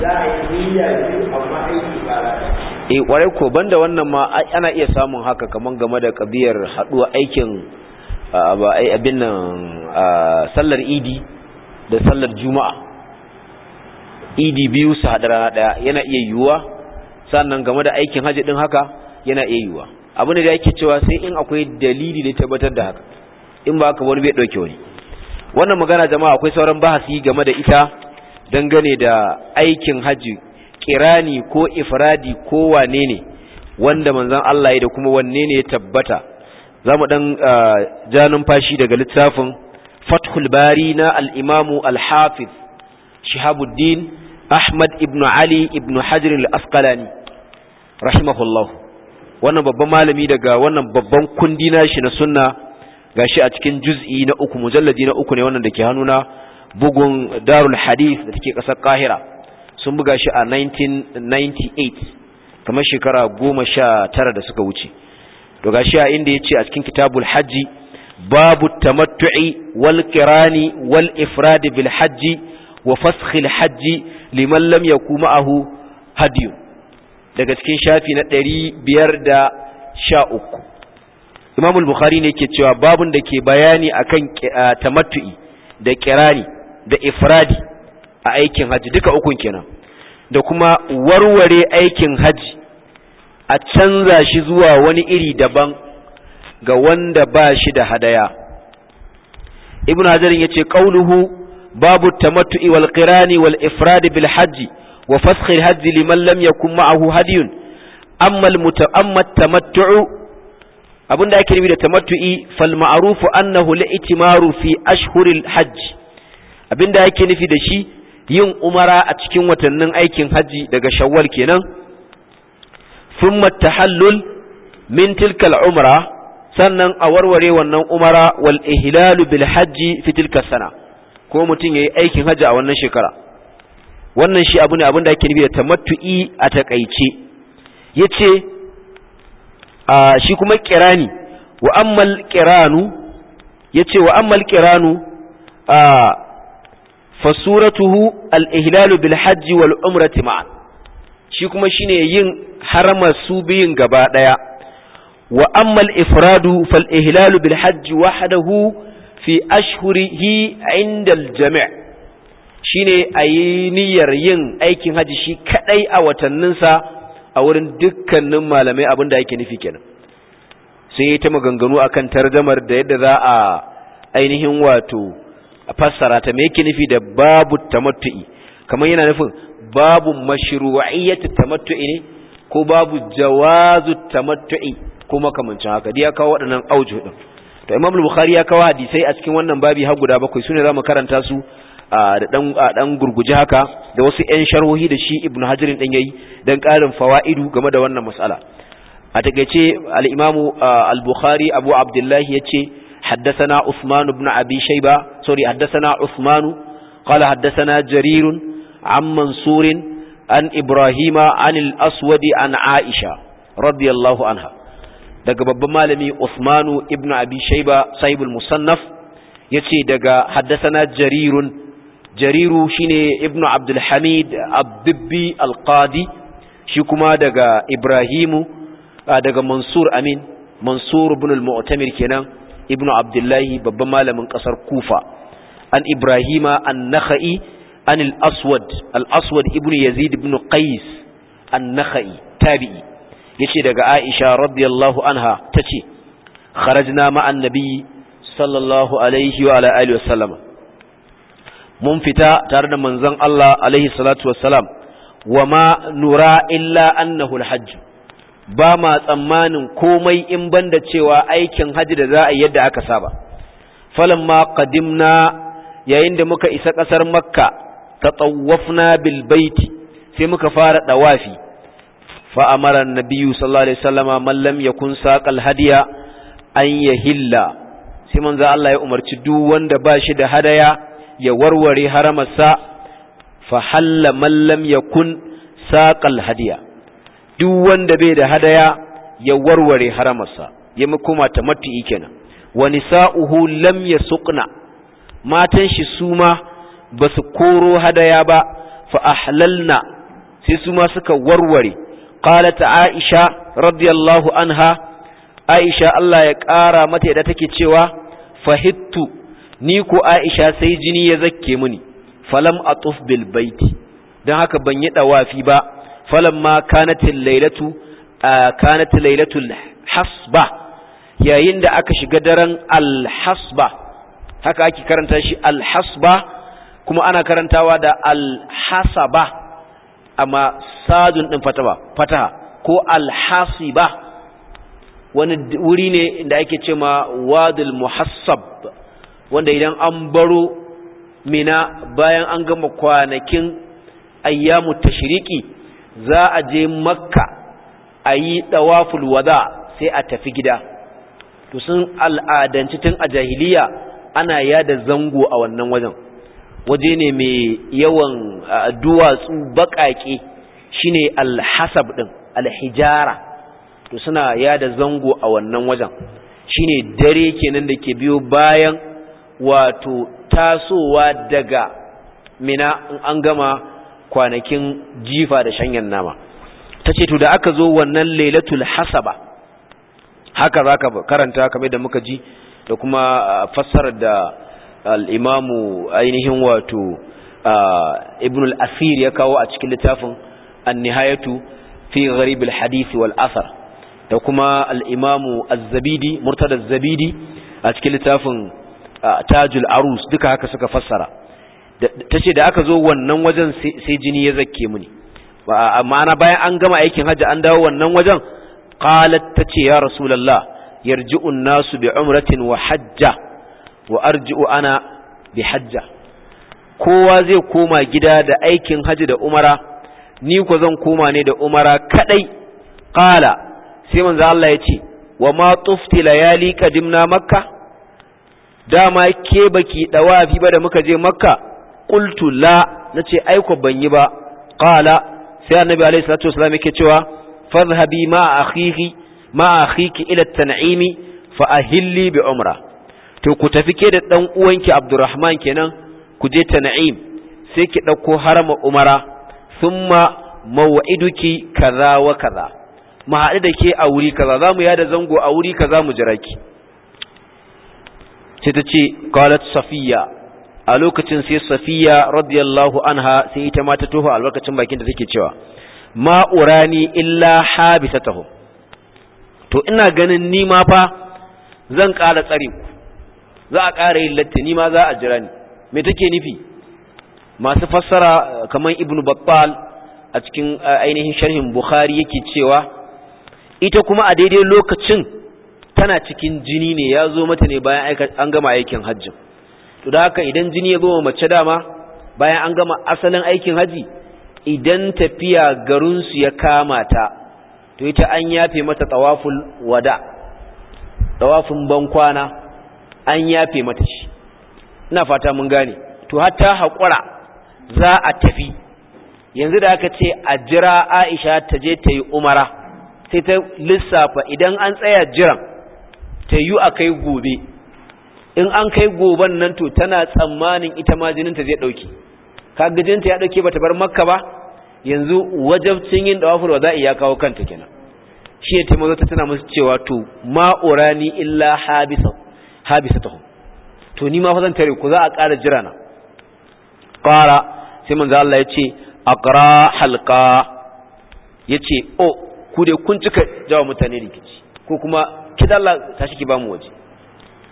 eh e kwarai ko banda wannan ma ana iya samun haka kaman game da kabiyar haduwa aikin abin nan sallar idi da sallar juma'a idi biyu su haɗa rana daya yana iya yiwuwa sannan game da aikin hajji din haka yana iya yiwuwa abu ne da yake cewa sai in akwai dalili da tabbatar da haka in ba ka wani bai dauke wani wannan magana jama'a akwai sauran bahasi game da ita dangane da aikin haji kirani ko ifradi ko wane ne wanda manzon Allah ya da kuma wanne ne ya tabbata zamu ɗan ah, ja fashi daga littafin Fathul Bari na al-Imam al-Hafiz Shihabuddin Ahmad ibn Ali ibn Hajar al-Asqalani rahimahullah wannan babban malami daga wannan babban kundi shi na sunna gashi a cikin juz'i na uku mujalladi na uku ne wannan dake hannuna bugun darul hadith da take kasar kahira sun buga shi a 1998 kamar shekara goma sha tara da suka wuce to gashi a inda ya ce a cikin kitabul hajji babu tamattu'i wal kirani wal ifradi bil hajji wa faskhil hajji liman lam yaku ma'ahu hadiyu daga cikin shafi na 513 uku imamul bukhari ne ke cewa babun da ke bayani akan tamattu'i da kirani da ifradi a aikin hajji duka ukun kenan da kuma warware aikin hajji a canza shi zuwa wani iri daban ga wanda ba shi da hadaya ibn hajarin ya ce ƙauluhu babu tamattu'i wal qirani wal ifradi bil hajji wa faskhi al hajji liman lam yakun ma'ahu hadiyun amma al mutaammat abinda ake nufi da tamattu'i fal ma'rufu annahu al itimaru fi ashhuril hajji. abin da yake nufi da shi yin umara a cikin watannin aikin haji daga shawwal kenan thumma tahallul min tilka umra sannan a warware wannan umara wal ihlal bil hajji fi tilka sana ko mutum yayi aikin hajji a wannan shekara wannan shi abu ne abin da ake nufi da tamattu'i a takaice yace a shi kuma kirani wa ammal kiranu yace wa ammal kiranu a fasuratuhu al-ihlalu bil hajji wal shi kuma shine yin harama su biyun gaba daya wa amma al-ifradu fal ihlalu bil hajj wahdahu fi ashhurihi 'inda al-jami' shine ayi niyyar yin aikin haji shi kadai a watannin sa a wurin dukkanin malamai abinda yake nufi kenan sai ta maganganu akan tarjamar da yadda za a ainihin wato a fassara ta me yake nufi da babu tamattu'i kamar yana nufin babu mashru'iyyat tamattu'i ne ko babu jawazu tamattu'i ko makamancin haka dai ya kawo waɗannan auju din to Imam Bukhari ya kawo hadisai a cikin wannan babi har guda bakwai sune zamu karanta su da dan dan gurguje haka da wasu ƴan sharhohi da shi Ibn Hajar din yayi dan karin fawaidu game da wannan mas'ala a takeice al-Imam al-Bukhari Abu Abdullah yace حدثنا عثمان بن أبي شيبة سوري حدثنا عثمان قال حدثنا جرير عن منصور عن إبراهيم عن الأسود عن عائشة رضي الله daga babban malami Uthmanu ibnu Abi Shayba sahibul musannaf yace daga haddathana jarirun jariru shine ibnu Abdul Hamid Abdibbi shi kuma daga Ibrahimu daga Mansur Amin Mansur ibn al-Mu'tamir kenan ibn abdullahi babban malamin kasar kufa an ibrahima an Naha'i, an al-aswad al-aswad ibn yazid ibn qais an nakha'i tabi'i yace daga aisha radiyallahu anha tace kharajna ma'an nabi sallallahu alaihi wa ala alihi wasallam mun fita tare da manzon Allah alaihi salatu wassalam wa ma nura illa annahu al-hajj ba ma tsammanin komai in banda cewa aikin haji da za a yi yadda aka saba falamma qadimna yayin da muka isa ƙasar makka ta bil baiti sai muka fara ɗawafi. fa na biyu sallallahu alaihi wasallama man lam yakun hadiya an yahilla sai manzo Allah ya umarci duk wanda ba shi da hadaya ya warware haramarsa fa halla mallam ya yakun saƙal hadiya duk wanda bai da hadaya ya warware haramarsa ya makoma ta matu'i kenan wa nisa'uhu lam yasqna matan shi suma basu koro hadaya ba fa ahlalna sai suma suka warware qalat aisha radiyallahu anha aisha Allah ya kara mata yadda take cewa fahittu ni ko aisha sai jini ya zakke muni falam atuf bil baiti dan haka ban yi dawafi ba falamma kanatil lailatu kanatil lailatul hasba yayin da aka shiga daren alhasba haka ake karanta shi alhasba kuma ana karantawa da alhasaba hasaba amma sadun din fataha fataha ko alhasiba wani wuri ne da ake cewa wadil muhassab wanda idan an baro mina bayan an gama kwanakin ayyamu tashriqi za a je makka a yi ɗawaful waza sai a tafi gida to sun al'adanci tun a jahiliya ana yada zango a wannan wajen waje ne mai yawan duwatsu baƙaƙe shine alhasab ɗin alhijara to suna yada zango a wannan wajen shine dare kenan da ke biyo bayan wato tasowa daga mina in an gama kwanakin jifa da shanyan nama ta ce to da aka zo wannan lailatul hasaba haka za ka karanta kamar da muka ji da kuma fassarar da al'imamu ainihin wato ibn al'asir ya kawo a cikin littafin annihayatu fi gharib al-hadith wal asar da kuma al'imamu az-zabidi murtada az-zabidi a cikin littafin tajul arus duka haka suka fassara ta ce da aka zo wannan wajen sai jini ya zakke muni ma'ana bayan an gama aikin hajji an dawo wannan wajen qalat ta ce ya rasulallah yarji'un nasu bi umratin wa hajja wa arji'u ana bi hajja kowa zai koma gida da aikin hajji da umara ni ko zan koma ne da umara kadai qala sai manzo Allah ya ce wa ma tufti layali qadimna makka dama ke baki dawafi ba da muka je makka qultu la nace aiko ban yi ba qala sai annabi alaihi salatu wasallam yake cewa fadhhabi ma akhihi ma akhiki ila tan'imi fa ahilli bi umra to ku tafi ke da dan uwanki abdurrahman kenan ku je tan'im sai ki dauko harama umara thumma maw'iduki kaza wa kaza mu haɗu da ke a wuri kaza za mu yada zango a wuri kaza mu jira ki sai ta ce qalat safiya a lokacin sai safiya radiyallahu anha sai ita ma ta toho albarkacin bakin da take cewa ma urani illa habisatahu to ina ganin ni ma fa zan ƙara tsare ku za a kara yin latti ni ma za a jira ni me take nufi masu fassara kamar ibnu battal a cikin ainihin sharhin bukhari yake cewa ita kuma a daidai lokacin tana cikin jini ne ya zo mata ne bayan an gama aikin hajjin to da haka idan jini ya zo wa mace dama bayan an gama asalin aikin haji idan tafiya garinsu ya kama ta to ita an yafe mata tawaful wada tawafin bankwana an yafe mata shi ina fata mun gane to hatta haƙura za a tafi yanzu da aka ce a jira aisha ta je ta yi umara sai ta lissafa idan an tsaya jiran ta yi a kai gobe in an kai goban nan to tana tsammanin ita ma jininta zai dauke kaga jininta ya dauke ta bar makka ba yanzu wajabcin yin dawaful za'i ya kawo kanta kenan shi ya taimaka ta tana musu cewa to ma urani illa habisa habisatuhu to ni ma fa zan tare ku za a ƙara jira na ƙara sai manzo Allah ya ce aqra halqa ce o oh, ku dai kun cika jawa mutane rikici ko kuma kidan Allah tashi ki ba mu waje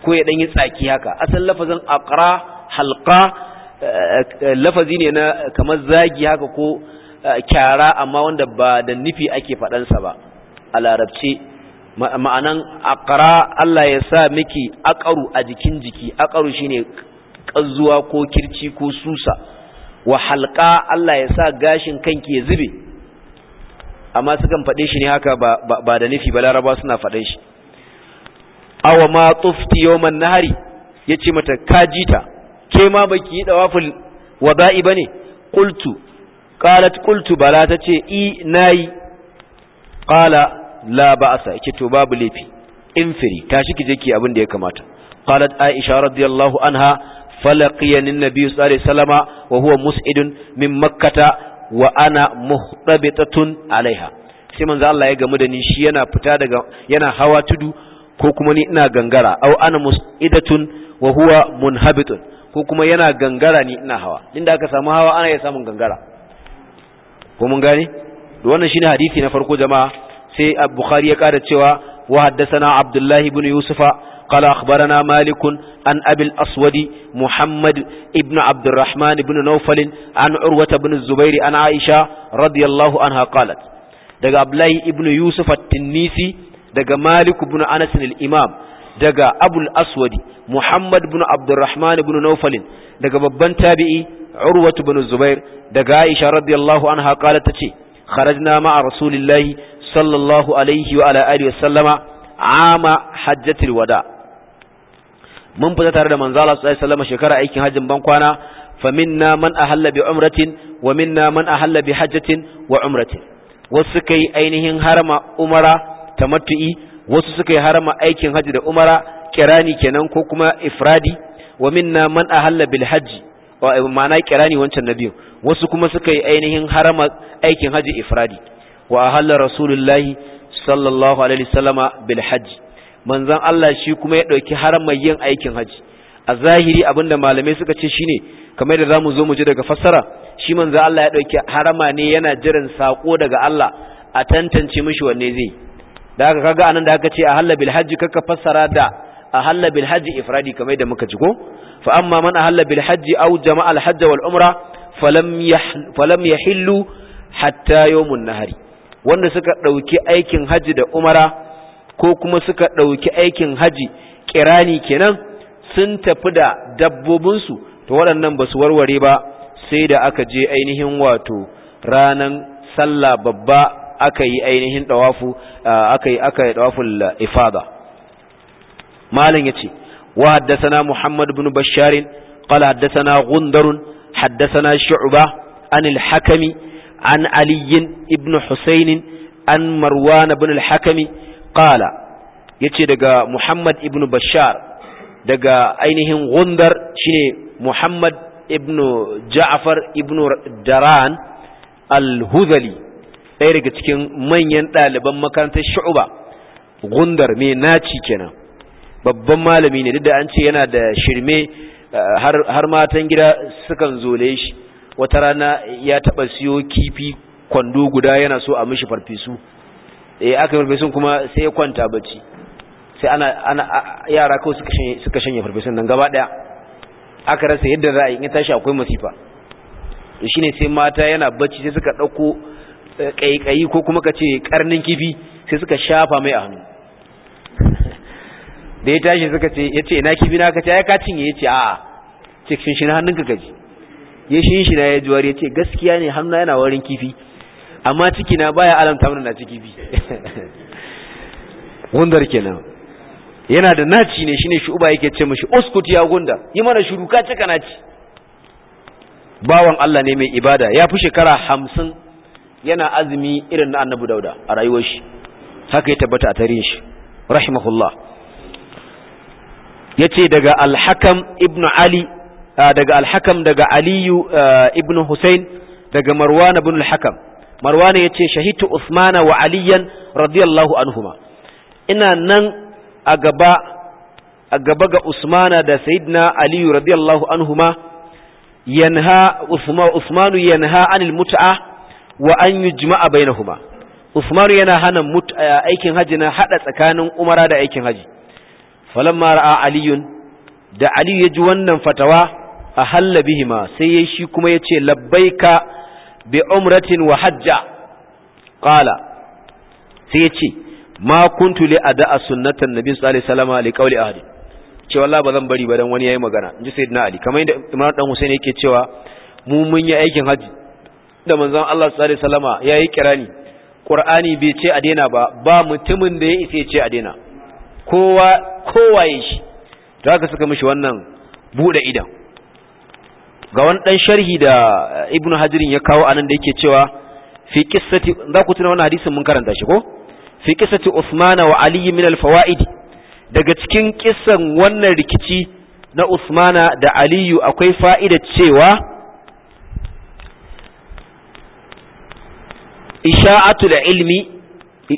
ko ya dan yi tsaki haka asal lafazin aqra halqa eh, eh, lafazi ne na kamar zagi haka ko eh, kyara amma wanda ba da nufi ake faɗansa ba a larabce ma'anan aqra Allah ya sa miki aqaru a jikin jiki aqaru shine kazzuwa ko kirci ko susa wa halqa Allah ya sa gashin kanki ya zube amma sukan faɗe shi ne haka ba da nufi ba laraba suna faɗe shi awa ma tufti yawman nahari yace mata jita. ke ma baki yi dawaful wada'i bane qultu qalat qultu bala tace i nayi qala la ba'sa yace to babu lafi infiri tashi kije ki abin da ya kamata qalat aisha radiyallahu anha falaqiyani nabi sallallahu alaihi wa huwa mus'idun min makkah wa ana muhtabitatun alaiha sai manzo Allah ya gamu da ni shi yana fita daga yana hawa tudu ko kuma ni ina gangara au ana mus'idatun wa huwa munhabitun ko kuma yana gangara ni ina hawa inda aka samu hawa ana iya samun gangara ko mun gane to wannan shine hadisi na farko jama'a sai bukhari ya kada cewa wa haddathana abdullah ibn yusufa qala akhbarana malikun, an abi aswadi, aswad muhammad ibn abd bin ibn an urwa bin zubair an aisha radiyallahu anha qalat daga abdullah ibn yusuf at-tinisi daga Malik ibn Anas al-Imam daga Abul Aswad Muhammad ibn Abdurrahman ibn Nawfal daga babban tabi'i Urwa ibn Zubair daga Aisha radiyallahu anha qalat tace kharajna ma'a Rasulillahi sallallahu alaihi wa ala alihi wa sallama ama hajjatul wada mun fita tare da manzo Allah sallallahu alaihi wasallam shekara aikin hajjin ban kwana faminna man ahalla bi umratin wa minna man ahalla bi hajjatin wa umratin wasu kai ainihin harama umara tamattu'i wasu suka yi harama aikin haji da umara kirani kenan ko kuma ifradi wa minna man ahalla bil haji ma'ana kirani wancan na biyu wasu kuma suka yi ainihin harama aikin haji ifradi wa ahalla rasulullahi sallallahu alaihi wasallama bil haji manzon Allah shi kuma ya dauki harama yin aikin haji a zahiri abinda malamai suka ce shine kamar da zamu zo mu ji daga fassara shi manzon Allah ya dauki harama ne yana jiran sako daga Allah a tantance mishi wanne zai da aka kaga anan da aka ce ahalla bil hajji kaka fassara da ahalla bil hajji ifradi kamar da muka ji ko fa amma man ahalla bil hajji aw jama'a al hajj wal umra falam yahl falam yahillu hatta yawmun nahari wanda suka dauki aikin haji da umara ko kuma suka dauki aikin haji kirani kenan sun tafi da dabbobin su to waɗannan ba su warware ba sai da aka je ainihin wato ranan sallah babba aka yi ainihin dawafu aka yi aka yi dawaful ifada malam yace wa haddathana muhammad ibn bashar qala haddathana gundar haddathana shu'ba an al-hakami an ali ibn husayn an marwan ibn al-hakami qala yace daga muhammad ibn bashar daga ainihin gundar shine muhammad ibn ja'far ibn daran al ɗaya daga cikin manyan ɗaliban makarantar shu'uba gundar mai naci kenan babban malami ne duk da an ce yana da shirme eh, har matan gida sukan zole shi wata rana ya taɓa siyo kifi kwando guda yana so a mishi farfesu eh aka yi farfesun kuma sai ya kwanta bacci sai ana yara kawai suka shanye suka farfesun nan gaba daya aka rasa yadda za a yi in tashi akwai masifa to shine sai mata yana bacci sai suka ɗauko kaikayi ko kuma ka ce karnin kifi sai suka shafa mai a hannu da ya tashi suka ce ya ce ina kifi na ka ce ya kacin ya ce a'a ce shinshina hannunka gaji ya shinshina ya juwar ya ce gaskiya ne hannu yana warin kifi amma ciki na baya alamta mana na ci kifi gundar kenan yana da naci ne shine shi uba yake ce mishi uskut ya gunda yi mana shiru ka cika naci bawan Allah ne mai ibada ya fi shekara hamsin yana azumi irin na annabi dauda a rayuwar shi haka ya tabbata a tarihin shi rahimahullah yace daga alhakam ibn ali daga alhakam daga aliyu ibn husain daga marwan ibn al-hakam ya yace shahitu usmana wa aliyan radiyallahu anhuma ina nan a gaba a gaba ga usmana da sayyidina aliyu radiyallahu anhuma yanha usmanu yanha anil mut'a wa an yujma'a bainahuma Usman yana hana eh, aikin haji na hada tsakanin umara da aikin haji falamma ra'a aliyun da ali ya ji wannan fatawa a halla bihima sai ya shi kuma ya ce labbaika bi umratin wa hajja qala sai ya ce ma kuntu li ada sunnatan nabi sallallahu alaihi wasallam li qawli ahli ce wallahi bazan bari ba dan wani yayi magana inji sayyidina ali kamar yadda imam dan husaini yake cewa mu mun yi aikin haji da manzon Allah sallallahu alaihi wasallama yayi kirani Qur'ani bai ce a daina ba ba mutumin da ya ise ce a daina kowa kowa ya shi to haka suka mishi wannan bude idan ga wani dan sharhi da Ibn Hajarin ya kawo anan da yake cewa fi qissati za ku tuna wannan hadisin mun karanta shi ko fi qissati Uthman wa Ali min al-fawaid daga cikin kissan wannan rikici na Usmana da Aliyu akwai fa'ida cewa isha'atul ilmi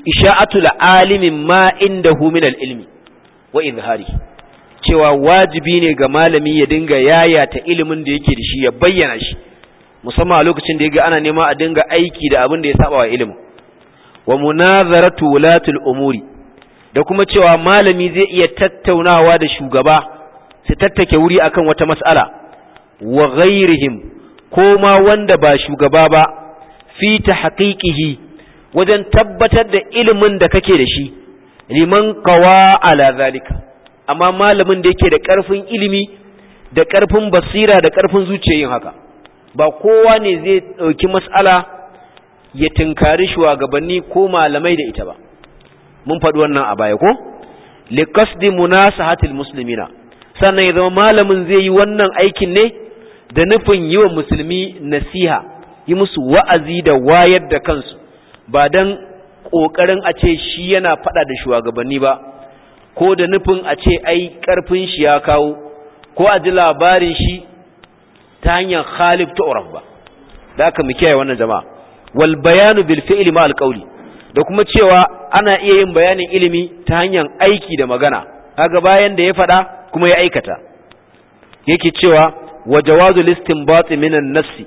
isha'atul alimin ma indahu min ilmi wa izhari cewa wajibi ne ga malami ya dinga yayata ilimin da yake da shi ya bayyana shi musamman a lokacin da ya ga ana nema a dinga aiki da abin da ya saba wa ilimin wa munazaratu wulatul umuri da kuma cewa malami zai iya tattaunawa da shugaba su tattake wuri akan wata mas'ala wa ghairihim ko ma wanda ba shugaba ba fi ta haƙiƙihi wajen tabbatar da ilimin da kake da shi liman kawa ala zalika amma malamin da yake da ƙarfin ilimi da ƙarfin basira da karfin yin haka ba kowa ne zai ɗauki matsala ya tinkari shugabanni ko malamai da ita ba mun faɗi wannan a baya ko liqasdi munasahatil muslimina sannan ya zama malamin zai yi wannan aikin ne da nufin yi wa musulmi nasiha yi musu wa'azi da wayar da kansu ba don ƙoƙarin a ce shi yana faɗa da shugabanni ba ko da nufin a ce ai ƙarfin shi ya kawo ko a ji labarin shi ta hanyar khalif ta uraf ba da aka mu kiyaye wannan jama'a wal bayanu bil fi'li ma da kuma cewa ana iya yin bayanin ilimi ta hanyar aiki da magana Haga bayan da ya faɗa kuma ya aikata yake cewa wa jawazul istinbat min an-nafsi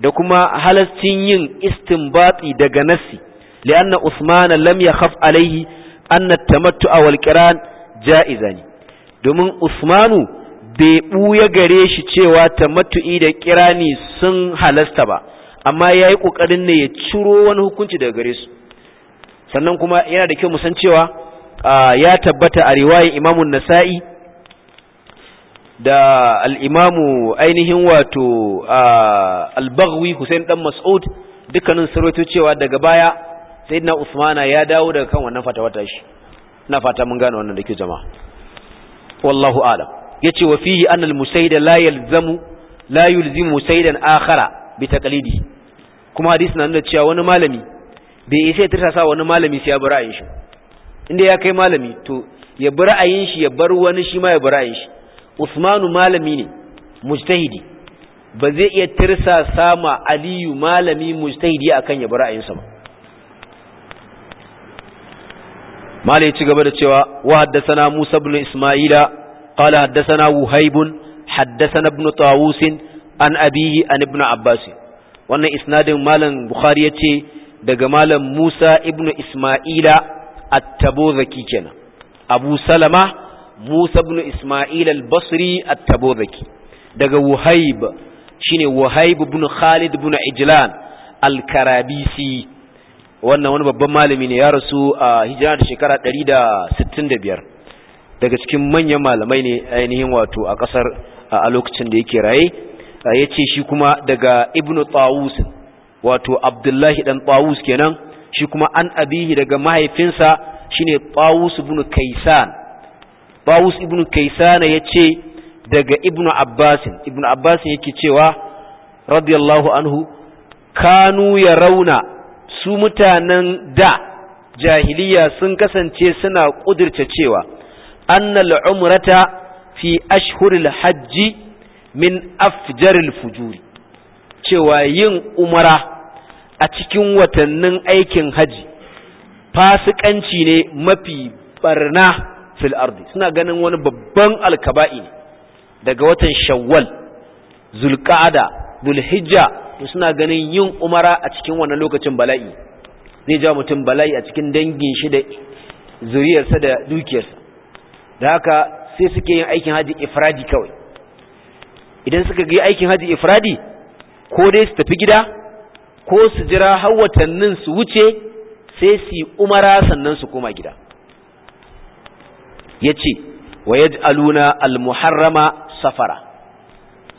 da kuma halascin yin istinbati daga nassi li'anna usman lam yakhaf alaihi anna tamattu wal qiran jaizani domin usmanu bai buya gare shi cewa tamattu'i da kirani sun halasta ba amma yayi kokarin ne ya ciro wani hukunci daga gare su sannan kuma yana da kyau mu san cewa ya tabbata a riwayar imamun nasa'i da al'imamu ainihin wato albagwi Hussein ɗan Mas'ud dukkanin sarwato cewa daga baya sai na Usmana ya dawo daga kan wannan wata shi na fata mun gane wannan da ke jama'a wallahu alam ya ce wa fihi al musaida la yalzamu la yulzimu musaidan akhara bi taqlidi kuma hadisi na nuna cewa wani malami bai isa ya tirsasa wani malami sai ya bi ra'ayin shi inda ya kai malami to ya bi ra'ayin shi ya bar wani shi ma ya bi ra'ayin shi usmanu malami ne mujtahidi ba zai iya tirsa sama aliyu malami mujtahidi akan ya bar ra'ayinsa ba ya ci gaba da cewa wa haddasana musa ibn isma'ila qala haddasana wuhaybun haddasana ibn an abihi an ibn abbas wannan isnadin malam bukhari yace daga malam musa ibn isma'ila at-tabuzaki kenan abu salama Musa ibn Isma'il al-Basri at-Tabuzaki daga Wuhaib shine Wuhaib ibn Khalid ibn Ijlan al-Karabisi wannan wani babban malami ne ya rasu a hijira da shekara 165 daga cikin manyan malamai ne ainihin wato a kasar a lokacin da yake raye yace shi kuma daga Ibn Tawus wato Abdullahi dan Tawus kenan shi kuma an abihi daga mahaifinsa shine Tawus ibn Kaisan Bawus ibn Kaisana ya ce daga ibn Abbas ibn Abbas yake cewa radiyallahu anhu kanu ya rauna su mutanen da jahiliya sun kasance suna kudirce cewa annal umrata fi ashhuril hajji min afjaril fujuri cewa yin umara a cikin watannin aikin haji fasikanci ne mafi barna fil ardi suna ganin wani babban alkaba'i daga watan shawwal zulqa'ada zulhijja to suna ganin yin umara a cikin wannan lokacin bala'i zai ja mutum bala'i a cikin dangin shi da zuriyarsa da dukiyarsa da haka sai suke yin aikin haji ifradi kawai idan suka ga aikin haji ifradi ko dai su tafi gida ko su jira har watannin su wuce sai su yi umara sannan su koma gida yace wa yaj'aluna Aluna almuharrama safara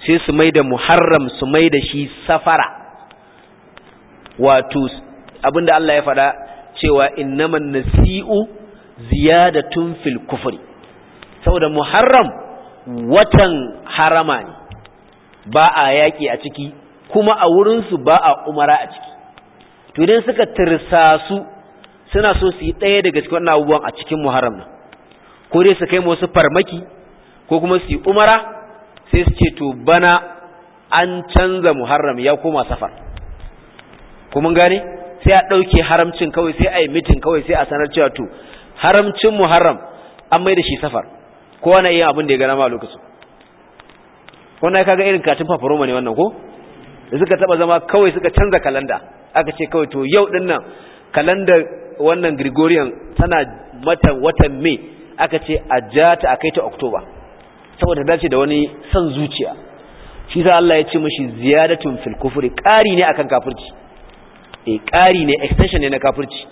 sai su mai da muharram su mai da shi safara wato abinda Allah ya faɗa cewa innaman nasi'u ziyadatun fil kufri saboda muharram watan harama ne ba a yaƙi a ciki kuma a wurinsu ba a umara a ciki to idan suka tirsasu suna so su yi ɗaya daga cikin wannan abubuwan a cikin muharram nan ko dai su kai wasu farmaki ko kuma su yi umara sai su ce to bana an canza muharram ya koma safar kuma gane sai a ɗauke haramcin kawai sai a yi mitin kawai sai a sanar cewa to haramcin muharram an mai da shi safar ko na iya abin da ya gana ma a lokacin wannan kaga irin katin fafaroma ne wannan ko da suka taba zama kawai suka canza kalanda aka ce kawai to yau din kalandar wannan Gregorian tana mata watan mai aka ce a ja ta a kai ta oktoba saboda dace da wani son zuciya shi sa Allah ya ce mashi ziyadatun fil kufri ƙari ne akan kafirci eh ƙari ne extension ne na kafirci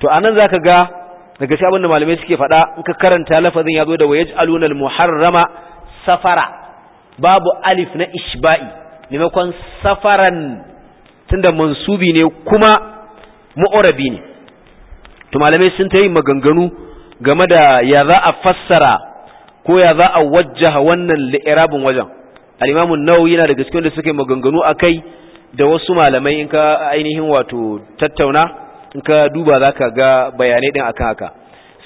to anan zaka ga daga shi abinda malamai suke faɗa in ka karanta lafazin ya zo da alunal muharrama safara babu alif na ishba'i maimakon safaran tunda mansubi ne kuma mu'arabi ne to malamai sun ta yi maganganu game da ya za a fassara ko ya za a wajaha wannan li'irabin wajen alimamun imam nawawi yana daga cikin da suke maganganu a kai da wasu malamai in ka ainihin wato tattauna in ka duba za ka ga bayanai din akan haka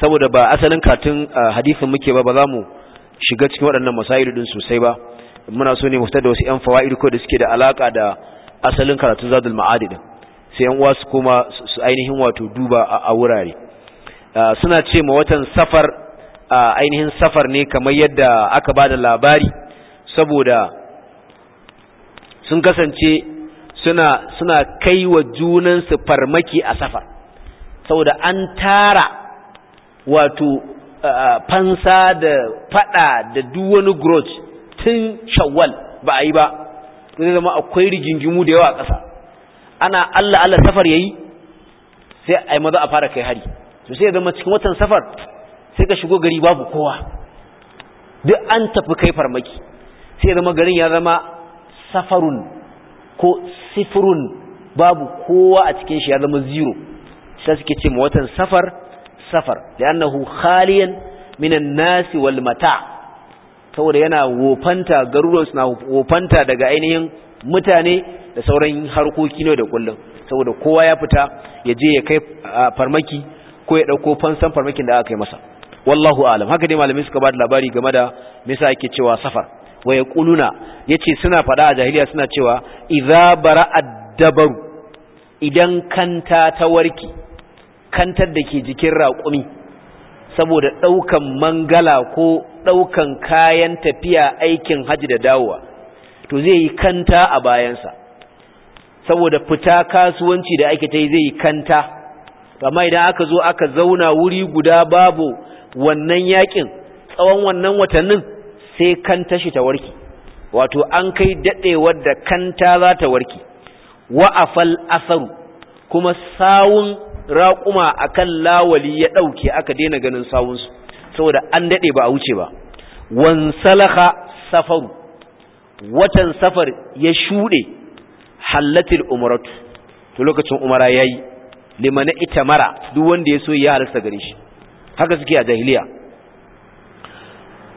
saboda ba asalin katin hadisin muke ba ba za mu shiga cikin waɗannan masailu din sosai ba muna so ne mu fitar da wasu yan fawaid ko da suke da alaka da asalin karatun zadul ma'adi din sai yan uwa su koma su ainihin wato duba a wurare Ah, suna ce ma watan safar ah, ainihin safar ne kamar yadda aka ba da labari saboda sun kasance suna suna kai wa junansu farmaki a safar saboda an tara wato ah, fansa da fada da duk wani tun shawwal ba a yi ba zai zama akwai rigingimu da yawa a ƙasa ana Allah Allah safar yayi sai a yi maza a fara kai hari to sai zama cikin watan safar sai ka shigo gari babu kowa duk an tafi kai farmaki sai zama garin ya zama safarun ko sifurun babu kowa a cikin shi ya zama zero sai suke ce ma watan safar safar annahu khaliyan minan nasi wal mata saboda yana wofanta garuruwan suna wofanta daga ainihin mutane da sauran harkoki ne da kullum saboda kowa ya fita ya je ya kai farmaki ko ya dauko fansan farmakin da aka yi masa wallahu alam haka ne malamai suka ba da labari game da me ake cewa safar wa yaquluna yace suna fada a jahiliya suna cewa idza bara addabaru idan kanta ta warki kantar da ke jikin raƙumi saboda daukan mangala ko daukan kayan tafiya aikin haji da dawowa to zai yi kanta a bayansa saboda fita kasuwanci da ake ta yi zai yi kanta amma idan aka zo aka zauna wuri guda babu wannan yakin tsawon wannan watannin sai kan tashi ta warki wato an kai dadewar da kanta za ta warki wa'afal asaru kuma sawun raƙuma akan lawali ya ɗauke aka daina ganin sawunsu saboda an daɗe ba a wuce ba wansalaha safaru watan safar ya shuɗe hallatil umaratu to lokacin umara yayi limana itamara duk wanda ya so ya halasta gare shi haka suke a jahiliya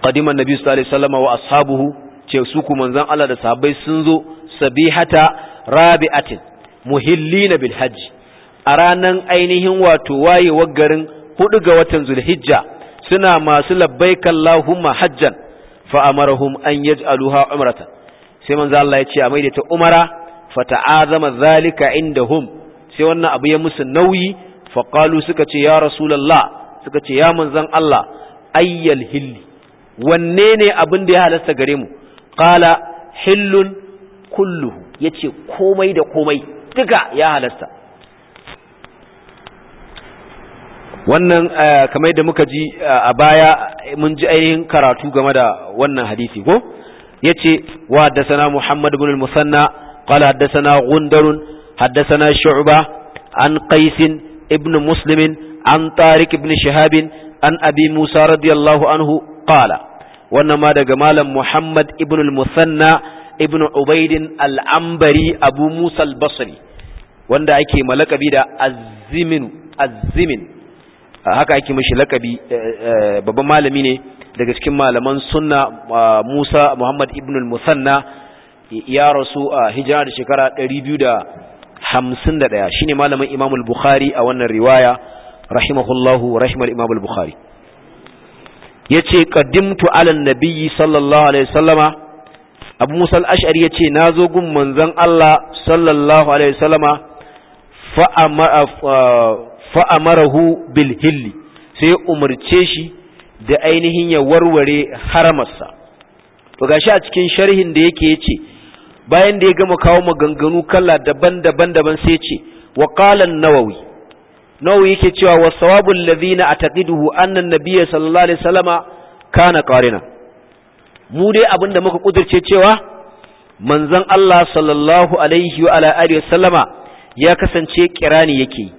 qadiman nabi sallallahu alaihi wasallam wa ashabuhu ce su ku manzon Allah da sahabbai sun zo sabihata rabi'atin muhillina bil hajj a ranan ainihin wato wayewar garin hudu ga watan zulhijja suna masu labbaika Allahumma hajjan fa amarahum an yaj'aluha umratan sai manzo Allah ya ce a ta umara fata'azama zalika indahum sai wannan abu ya musu nauyi faƙalu suka ce ya rasulallah suka ce ya manzan Allah ayyal hilli wanne ne abin da ya halasta gare mu ƙala hillun kulluhu ya ce komai da komai duka ya halasta wannan eh, kamar da muka ji eh, a baya mun ji ainihin karatu game da wannan hadisi ko ya ce wa haddasa muhammad bin musanna قال na gundarun حدثنا شعبة عن قيس ابن مسلم عن طارق بن شهاب عن أبي موسى رضي الله عنه قال وانما دقمالا محمد ابن المثنى ابن عبيد العنبري أبو موسى البصري wanda ake malakabi da azzimin azzimin haka ake mashi lakabi babban malami ne daga cikin malaman sunna Musa Muhammad ibn al-Musanna ya rasu a hijira da shekara da. hamsin da ɗaya shine malamin imamul bukhari a wannan riwaya rahimahullahu rahimal imamul bukhari ya ce ƙaddimtu alan nabiyyi sallallahu alaihi sallama abu musa al'ashari ya ce na zo gun manzan Allah sallallahu alaihi sallama fa'amarahu bil hilli sai umarce shi da ainihin ya warware haramarsa to gashi a cikin sharhin da yake ya ce bayan da ya gama kawo maganganu kala daban-daban daban sai ce wa qala an-nawawi nawawi yake cewa wa sawabul ladina ataqiduhu anna nabiyya sallallahu alaihi wasallama kana qarina mu dai abinda muka kudirce cewa manzon Allah sallallahu alaihi wa ala alihi wasallama ya kasance kirani yake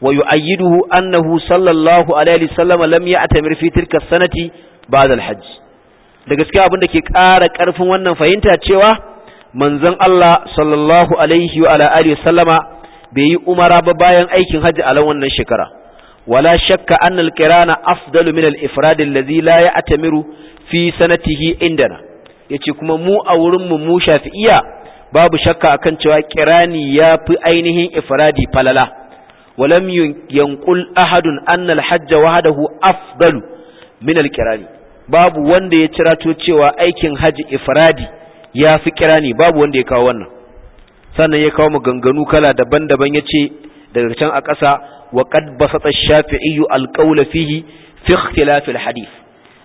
wa yu'ayyiduhu annahu sallallahu alaihi wasallama lam ya'tamir fi tilka sanati ba'da al-hajj da gaskiya abinda ke ƙara ƙarfin wannan fahimta cewa manzon Allah sallallahu alaihi wa ala alihi sallama bai yi umara ba bayan aikin hajji a wannan shekara wala shakka anna al-qirana afdalu min al-ifrad alladhi la ya'tamiru fi sanatihi indana yace kuma mu a wurin mu mu shafi'iya babu shakka akan cewa ya yafi ainihin ifradi falala walam yanqul ahadun anna al-hajj wahdahu afdalu min al babu wanda ya cirato cewa aikin hajji ifradi ya fi ni babu wanda ya kawo wannan sannan ya kawo maganganu kala daban-daban ya ce daga can a ƙasa wa qad basata shafi'i alqawla fihi fi ikhtilaf alhadith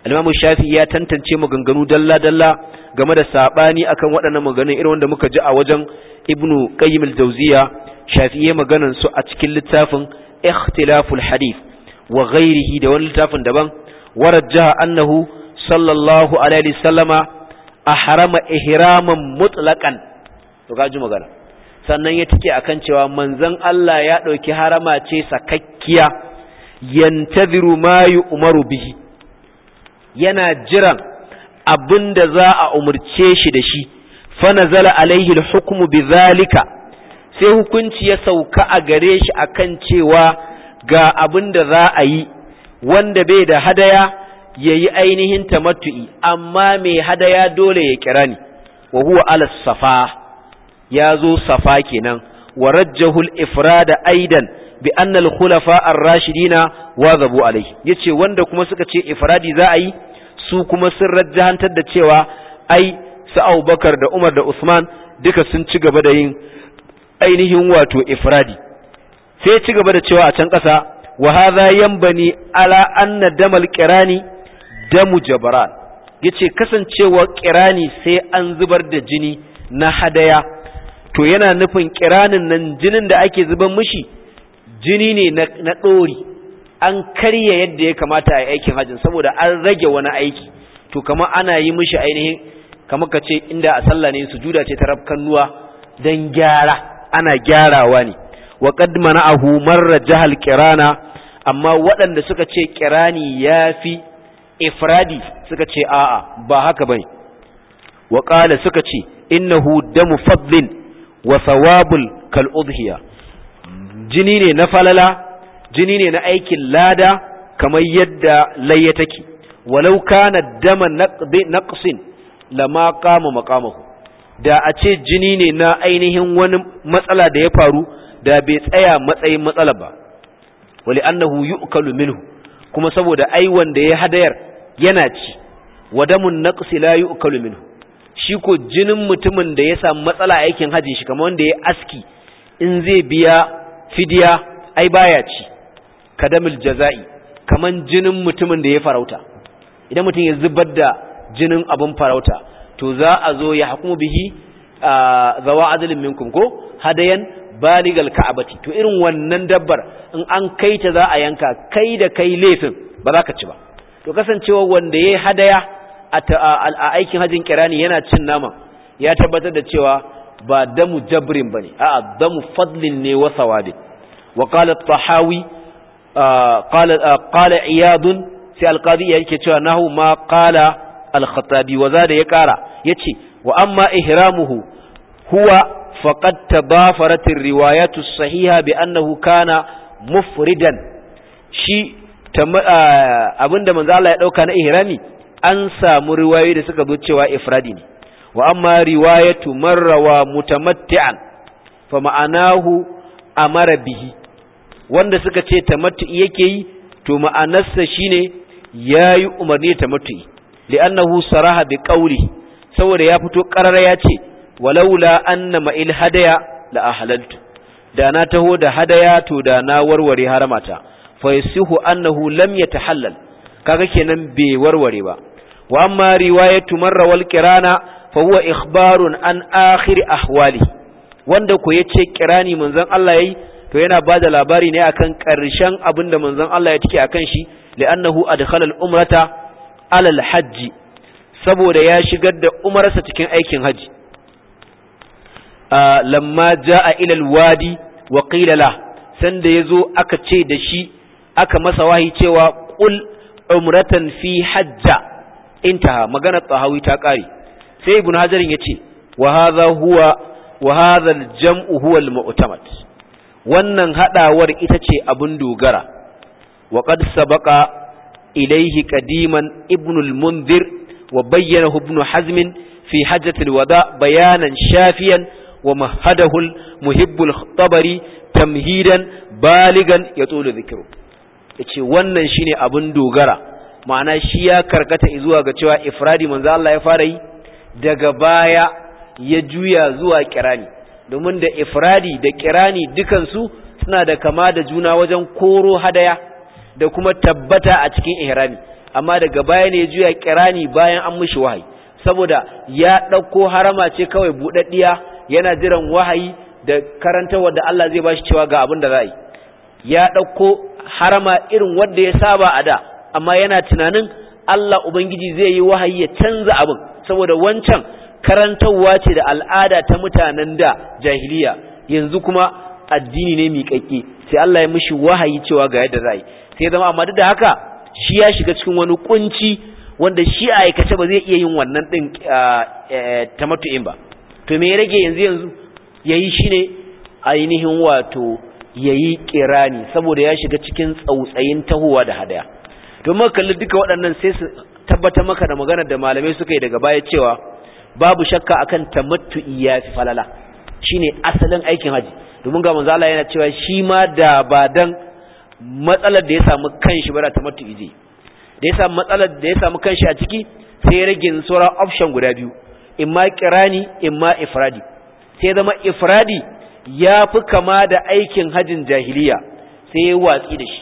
al-imam shafi'i ya tantance maganganu dalla-dalla game da saɓani akan waɗannan maganin irin wanda muka ji a wajen ibnu qayyim al-jawziya shafi'i maganan su a cikin littafin ikhtilaf hadis wa ghairihi da wani littafin daban warajjaha annahu sallallahu alaihi wasallama ahrama ihraman mutlaqan to ga magana sannan ya tike akan cewa manzon Allah ya ɗauki harama ce sakakkiya yantaziru ma yu'maru bihi yana jiran abinda za a umurce shi da shi fa nazala alaihi alhukmu bidhalika sai hukunci ya sauka a gare shi akan cewa ga abinda za a yi wanda bai da hadaya ya yi ainihin matu'i, amma mai hadaya dole ya kirani wa huwa ala safa zo safa kenan wa rajjahul ifrada aidan bi anna al-khulafa ar-rashidina alai. yace wanda kuma suka ce ifradi za a yi su kuma sun rajjahantar da cewa ai su Abubakar da Umar da Usman duka sun ci gaba da yin ainihin wato ifradi sai ci gaba da cewa a can ƙasa wa hadha yanbani ala anna damal qirani damu ya yace kasancewa kirani sai an zubar da jini na hadaya to yana nufin kiranin nan jinin da ake zuban mishi jini ne na ɗori an karya yadda ya kamata a yi aikin hajjin saboda an rage wani aiki to kama ana yi mishi ainihin kama ka ce inda a sallah ne sujuda ce ta rafkannuwa don gyara ana gyarawa ne wa qad mana'ahu marra jahal kirana amma waɗanda suka ce kirani fi. ifradi suka ce a'a ba haka bane wa qala suka ce innahu damu fadlin wa thawabul kal udhiya jini ne na falala jini ne na aikin lada kamar yadda layya take walau kana dama naqsin lama qama maqamahu da a ce jini ne na ainihin wani matsala da ya faru da bai tsaya matsayin matsala ba wali annahu yu'kalu minhu kuma saboda ai wanda ya hadayar yana ci wa damun naqsi la yu'kalu minhu shi ko jinin mutumin da ya samu matsala aikin hajji shi kamar wanda ya aski in zai biya fidiya ai baya ci kadamul jaza'i kamar jinin mutumin da ya farauta idan mutum ya zubar da jinin abun farauta to za a zo ya hukumu bihi zawa azlin minkum ko hadayan baligal ka'abati to irin wannan dabbar in an kai ta za a yanka kai da kai laifin ba za ka ci ba to kasancewa wanda ya yi hadaya a aikin hajjin kirani yana cin nama ya tabbatar da cewa ba damu jabrin ba ne a'a damu fadlin ne wa sawabi wa qala tahawi qala iyadun sai alqadi yake cewa nahu ma qala al-khattabi wa zada ya kara yace wa amma ihramuhu huwa faqad tabafarat ar-riwayatu as-sahiha bi annahu kana mufridan shi abinda manzo Allah ya dauka na ihrami an samu riwayoyi da suka zo cewa ifradi ne wa amma riwayatu marrawa mutamatti'an fa ma'anahu amara bihi wanda suka ce tamattu'i yake yi to ma'anarsa shine yayi umarni tamattu'i li'annahu saraha bi qawli saboda ya fito karara ya ce walaula anna il hadaya la ahlaltu da na taho da hadaya to da na warware haramata fa yasihu annahu lam yatahallal kaga kenan bai warware ba wa amma riwayatu marra wal qirana fa huwa ikhbarun an akhir ahwali wanda ko yace kirani manzon Allah yayi to yana bada labari ne akan karshen abinda manzon Allah ya tike akan shi li'annahu adkhala al-umrata ala al-hajj saboda ya shigar da umarsa cikin aikin haji lamma jaa ila al-wadi wa qila la sanda yazo aka ce da shi aka masa wahi cewa qul umratan fi hajja intaha magana tahawi ta ƙari. sai ibn hajarin yace ce. huwa wa jamu huwa al-mu'tamad wannan hadawar ita ce abun dogara wa qad sabaqa ilayhi qadiman ibn al wa bayyana ibn hazm fi hajjati al-wada bayanan shafiyan wa mahadahu al-muhibbul tabari tamhidan baligan yatulu dhikruhu ce wannan shi ne abin dogara ma'ana shi ya karkata zuwa ga cewa ifradi manzo Allah ya fara yi daga baya ya juya zuwa kirani domin da ifradi da kirani dukansu suna da kama da juna wajen koro hadaya da kuma tabbata a cikin ihrami amma daga baya ne ya juya kirani bayan an mishi wahayi saboda ya ɗauko harama ce kawai buɗaɗɗiya yana jiran wahayi da karantar da Allah zai shi cewa ga abin da za yi ya ɗauko harama irin wanda ya saba a da amma yana tunanin Allah ubangiji zai yi wahayi ya canza abin saboda wancan karantarwa ce da al'ada ta mutanen da jahiliya yanzu kuma addini ne miƙaƙƙe sai Allah ya mishi wahayi cewa ga yadda za yi sai zama amma duk da haka shi ya shiga cikin wani kunci wanda shi a aikace ba zai iya yin wannan din e, tamatu'in ba to me rage yanzu yanzu yayi shine ainihin wato yayi kirani saboda ya shiga cikin tsautsayin tahowa da hadaya to muka kalli duka waɗannan sai su tabbata maka da maganar da malamai suka yi daga baya cewa babu shakka akan tamattu ya fi falala shine asalin aikin haji domin ga manzo Allah yana cewa shi ma da ba dan matsalar da ya samu kanshi ba da tamattu zai da ya samu matsalar da ya samu kanshi a ciki sai ya rage sauran option guda biyu imma kirani imma ifradi sai zama ifradi ya fi kama da aikin hajin jahiliya sai ya watsi da shi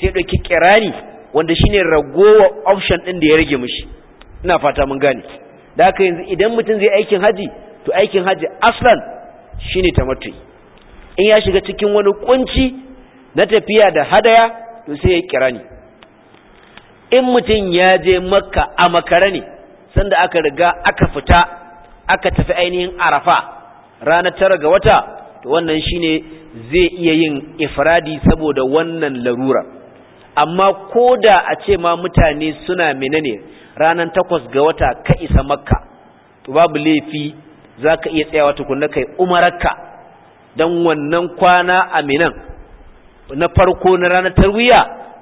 sai ɗauki kirani wanda shine ragowa option ɗin da ya rage mishi ina fata mun gane da haka yanzu idan mutum zai aikin haji to aikin haji aslan shine tamattu in ya shiga cikin wani kunci na tafiya da hadaya to sai ya kirani in mutum ya je makka a makara ne sanda aka riga aka fita aka tafi ainihin arafa ranar tara ga wata to wannan shine zai iya yin ifradi saboda wannan larura amma ko da a ce ma mutane suna menene ranar takwas ga wata ka isa makka to babu laifi za ka iya tsayawa tukunna kai umararka don wannan kwana a minan na farko na ranar tarwiya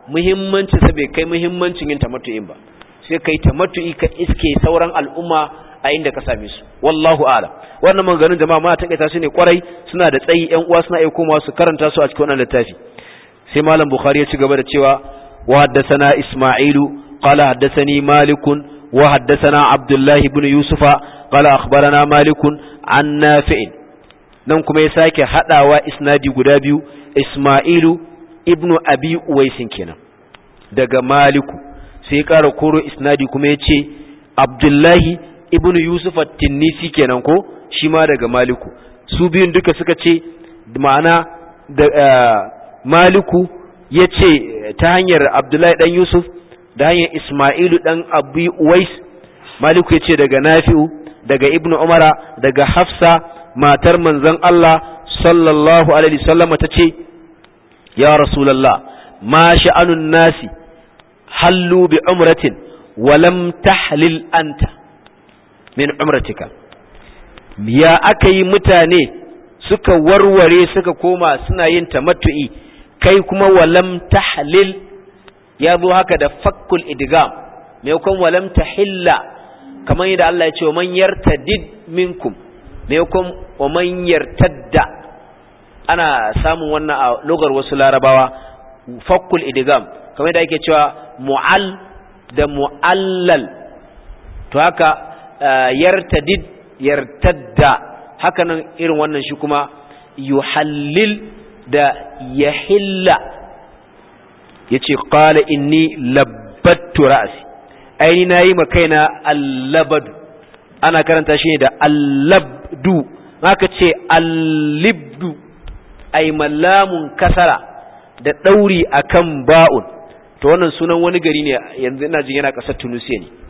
muhimmancinsa bai kai muhimmancin yin tamatu'in ba sai kai tamatu'i ka iske sauran al'umma a inda ka same su wallahu a'lam wannan maganganun jama'a ma ta su shine kwarai suna da tsayi ƴan uwa suna iya komawa su karanta su a cikin wannan littafi sai malam bukhari ya ci gaba da cewa wa haddathana isma'ilu qala haddathani malikun wa haddathana abdullah ibn yusufa qala akhbarana malikun an nafi'in nan kuma ya sake hadawa isnadi guda biyu isma'ilu ibn abi uwaisin kenan daga maliku sai ya kara koro isnadi kuma ya ce abdullahi ibnu yusuf at-tinnisi kenan ko shi ma daga maliku su biyun duka suka ce ma'ana da eh, maliku ya ce ta hanyar abdullahi dan yusuf da hanyar ismailu dan abu wais maliku ya ce daga nafi'u daga ibnu umara daga hafsa matar manzon allah sallallahu alaihi wasallam ta ce ya rasulullah ma sha'anun nasi hallu bi umratin wa lam tahlil anta min umratika ya aka yi mutane suka warware suka koma suna yin tamattu'i kai kuma walam tahlil ya zo haka da fakkul idgam kuma walam tahilla kamar yadda Allah ya ce man yartadid minkum me wa man yartadda ana samun wannan a lugar wasu larabawa fakkul idgam kamar yadda ake cewa mu'al da mu'allal to haka yartadid yartadda hakanan irin wannan shi kuma yuhallil da yahilla yace qala inni labattu ra'si aini nayi ma kaina allabad ana karanta shi ne da allabdu haka ce allibdu ay malamun kasara da dauri akan ba'un to wannan sunan wani gari ne yanzu ina jin yana kasar tunisiya ne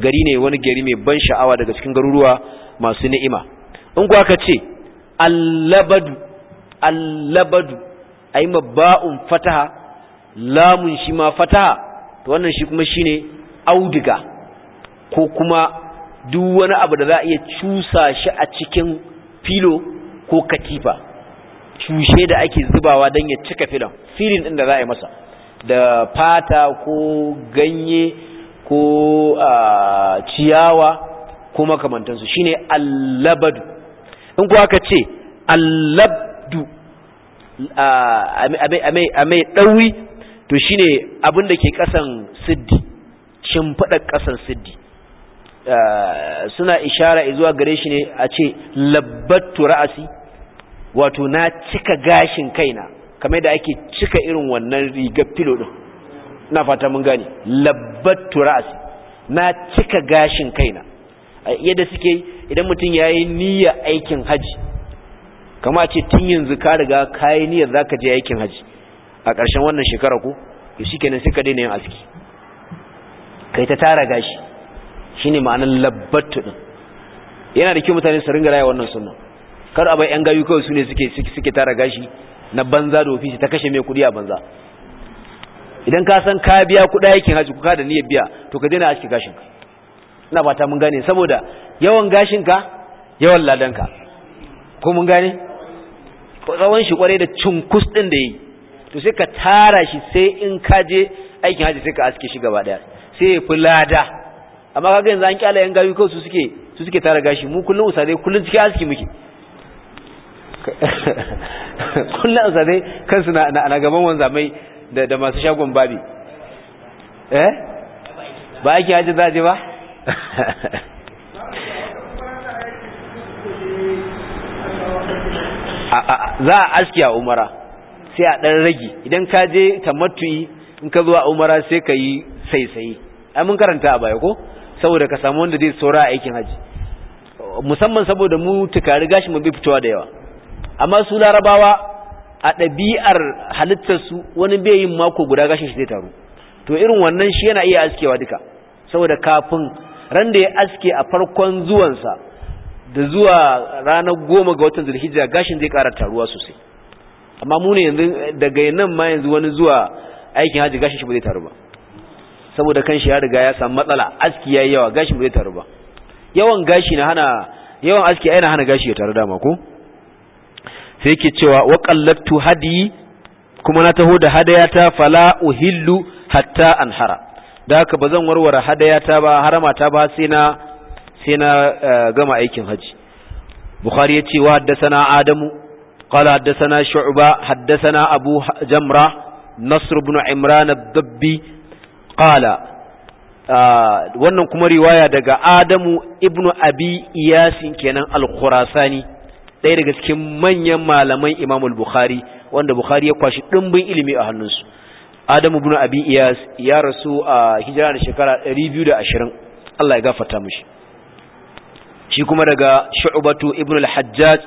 gari ne wani gari mai ban sha'awa daga cikin garuruwa masu ni'ima in kuwa ka ce allabadu allabadu ai mabba'un fataha lamun shi ma fataha to wannan shi kuma shine audiga ko kuma duk wani abu da za a iya cusa shi a cikin filo ko katifa cushe da ake zubawa don ya cika filon filin din da za a yi masa da fata ko ganye ko ciyawa ko makamantansu shine allabadu in kuwa ka ce allabdu a mai ɗauri to shine abin da ke ƙasan siddi shimfiɗar ƙasan siddi suna ishara zuwa gare shi ne a ce labbattu ra'asi wato na cika gashin kaina kamar da ake cika irin wannan rigar filo ɗin ina fata mun gane labbattu ra'si na cika gashin kaina yadda suke idan mutum yayi niyya aikin haji kama ce tun yanzu ka riga yi niyyar zaka je aikin haji a ƙarshen wannan shekara ko shi kenan sai ka daina yin aski kai ta tara gashi shine ma'anar labbattu din yana da kyau mutane su ringa raya wannan sunna kar a bai yan gayu kawai su ne suke suke tara gashi na banza da ofisi ta kashe mai kudi a banza idan ka san ka biya kuɗa yakin haji kuka da niyyar biya to ka daina aski gashin ka ina fata mun gane saboda yawan gashin ka yawan ladan ka ko mun gane tsawon shi kwarai da cunkus din da yi to sai ka tara shi sai in ka je aikin haji sai ka aske shi gaba daya sai ya fi lada amma kaga yanzu an kyala yan gayu ko su suke su suke tara gashi mu kullum usare kullum cikin aski muke kullum usare kansu na na gaban wanzamai da da masu shagon babi eh ba yake haji za ba za a aski a umara sai a dan rage idan ka je tamattu'i in ka a umara sai ka yi saisaye ai mun karanta a baya ko saboda ka samu wanda zai saura aikin haji musamman saboda mu tukari gashi mu bi fitowa da yawa amma su larabawa a ɗabi'ar halittarsu wani bai yin mako guda gashin shi zai taru to irin wannan shi yana iya askewa duka saboda kafin ran da ya aske a farkon zuwansa da zuwa ranar goma ga watan zulhijja gashin zai ƙara taruwa sosai amma mu ne yanzu daga nan ma yanzu wani zuwa aikin haji gashin shi ba zai taru ba saboda kan shi ya riga ya samu matsala aski yi yawa gashin ba zai taru ba yawan gashi na hana yawan aski ai na hana gashi ya taru dama ko sai ke cewa wa qallattu hadi kuma na taho da hadayata fala uhillu hatta anhara da haka zan warware hadayata ba ta ba sai na sai na eh, gama aikin haji bukhari yace wa haddathana adamu haddathana shu'ba haddathana abu jamra nasr ibn imran ad-dabbi qala ah, wannan kuma riwaya daga Adamu ibnu Abi Iyasin kenan al-Khurasani ɗaya daga cikin manyan malaman Imam al-Bukhari wanda Bukhari ya kwashi dimbin ilimi a hannunsu Adamu ibn Abi Iyas ya rasu a hijira da shekara 220 Allah ya gafarta mishi shi kuma daga Shu'batu ibn al-Hajjaj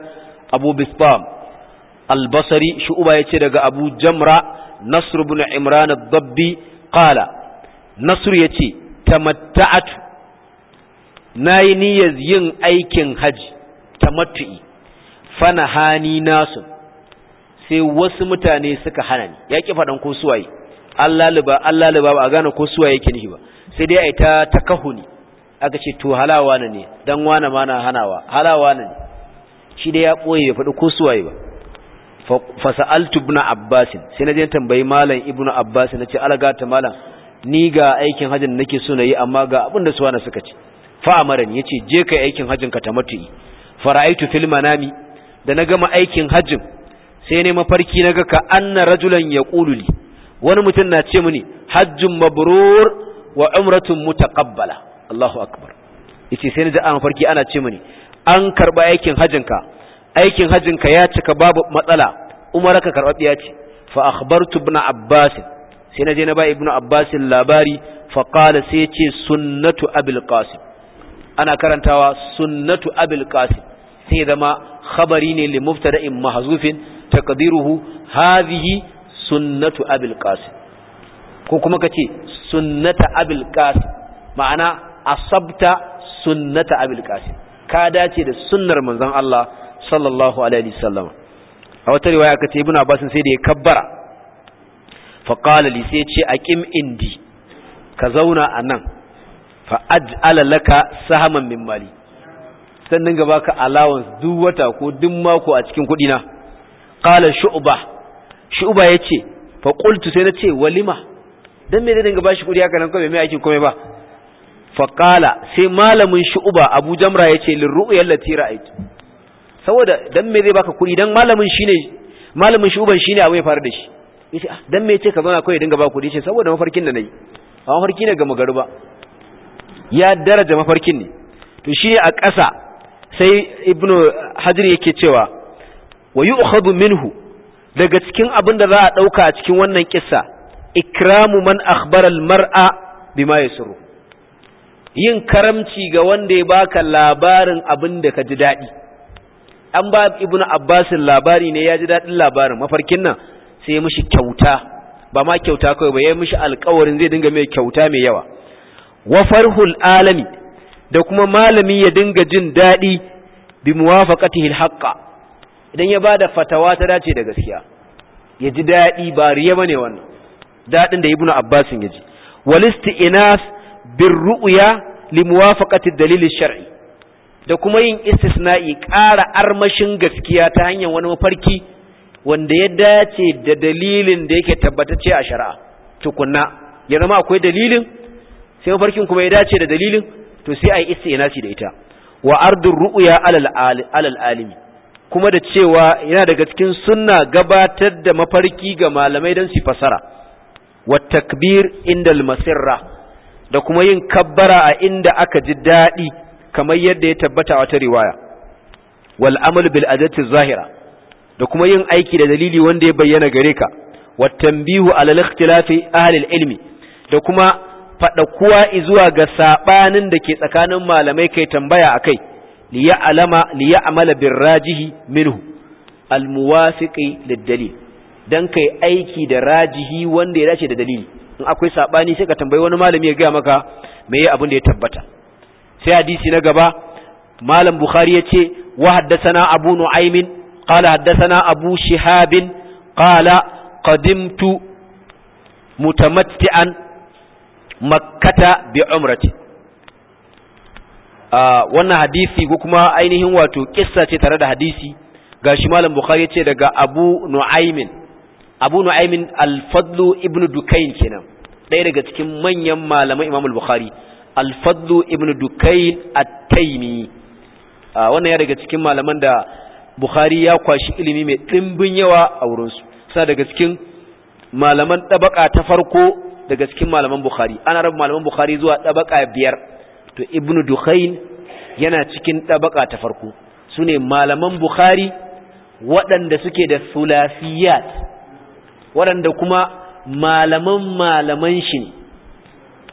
Abu Bisbam al-Basri Shu'ba yace daga Abu Jamra Nasr ibn Imran ad-Dabbi qala Nasr yace tamatta'atu nayi niyyar yin aikin haji tamattu'i fana hani nasu sai wasu mutane suka hana ni ya ki faɗan ko suwaye Allah liba Allah liba ba a gane ko suwaye yake nihi ba sai dai ai ta takahuni aka ce to halawa ne dan wane ma na hanawa halawa ne shi dai ya ɓoye ya faɗi ko suwaye ba fa sa'altu ibn abbas sai naje tambayi malam ibn abbas nace alaga ta malam ni ga aikin hajjin nake so na yi amma ga abin da suwana suka ce fa amaran yace je kai aikin hajjin ka ta matu'i fara'aitu fil manami da na gama aikin hajjin sai ne mafarki na ga ka anna rajulan ya ƙululi wani mutum na ce mini hajjin mabrur wa umratun mutaqabbala Allahu akbar yace sai ni da an farki ana ce mini an karba aikin hajjinka aikin hajjinka ya cika babu matsala umaraka karbabiya ce fa akhbartu ibn abbas sai naje na ba ibn abbas labari fa qala sai yace sunnatu abul qasim ana karantawa sunnatu abul qasim sai zama khabari ne li mubtada'in mahzufin taqdiruhu hadhihi sunnatu abil ko kuma kace sunnata abil qasim ma'ana asabta sunnata abil qasim ka dace da sunnar manzon Allah sallallahu alaihi wasallam a wata riwaya kace ibnu abbas sai da ya kabbara fa qala li sai ce aqim indi ka zauna anan fa aj'ala laka sahaman min mali zan gaba ka allowance duk wata ko duk mako a cikin kuɗi na qala shu'ba shu'ba yace fa qultu sai nace walima dan me zai dinga bashi kuɗi haka nan ko me aikin komai ba fa qala sai malamin shu'ba Abu Jamra yace lirru'ya allati ra'aytu saboda dan me zai baka kuɗi dan malamin shine malamin shu'ban shine abu ya faru da shi yace ah dan me yace ka zauna kai dinga ba kuɗi yace saboda mafarkin da nayi a mafarki ne ga magaruba ya daraja mafarkin ne to shi a ƙasa sai ibn hajar yake cewa wa yu'khadhu minhu daga cikin abin da za a dauka a cikin wannan kissa ikramu man akhbara al-mar'a bima yasru yin karamci ga wanda ya baka labarin abin da ka ji dadi an ba ibn abbas labari ne ya ji dadin labarin mafarkin nan sai ya mishi kyauta ba ma kyauta kawai ba ya mishi alƙawarin zai dinga mai kyauta mai yawa wa farhul alami da kuma malami ya dinga jin daɗi bi muwafaqatihi alhaqqa idan ya bada fatawa ta dace da gaskiya ya ji daɗi ba riya bane wannan daɗin da ibnu abbas ya ji wal inas bir ru'ya li muwafaqati dalil shar'i da kuma yin istisna'i ƙara armashin gaskiya ta hanyar wani mafarki wanda ya dace da dalilin da yake tabbatacce a shari'a tukunna ya zama akwai dalilin sai mafarkin kuma ya dace da dalilin to sai ai istinasi da ita wa ardur ru'ya alal alimi kuma da cewa yana daga cikin sunna gabatar da mafarki ga malamai don su fasara wa takbir indal masirra da kuma yin kabbara a inda aka ji daɗi kamar yadda ya tabbata wata riwaya wal amal bil adati zahira da kuma yin aiki da dalili wanda ya bayyana gare ka wa tanbihu alal ikhtilafi ahli ilmi da kuma faɗakuwa zuwa ga saɓanin da ke tsakanin malamai kai tambaya a kai amala bin rajihi minhu almuwafiƙi da dalil don kai aiki da rajihi wanda ya dace da dalili in akwai saɓani sai ka tambayi wani malami ya gaya maka mai abin da ya tabbata sai hadisi na gaba malam bukhari ya ce wa haddasana abu nu'aymin qala haddasana abu shihabin qala qadimtu mutamatti'an makkata bi umrati ah, wannan hadisi ko kuma ainihin wato kissa ce tare da hadisi gashi malam bukhari yace daga abu nuaimin abu nuaimin al fadlu ibn dukain kenan daya daga cikin manyan malaman imam al-bukhari al fadlu ibnu dukain at-taymi ah, wannan ya daga cikin malaman da bukhari ya kwashi ilimi mai dimbin yawa a wurin su sa daga cikin malaman tabaka ta farko daga cikin malaman bukhari ana rabu malaman bukhari zuwa ɗabaka biyar to ibnu dukhain yana cikin ɗabaka ta farko su ne malaman bukhari waɗanda suke da sulafiyat, waɗanda kuma malaman malaman shi ne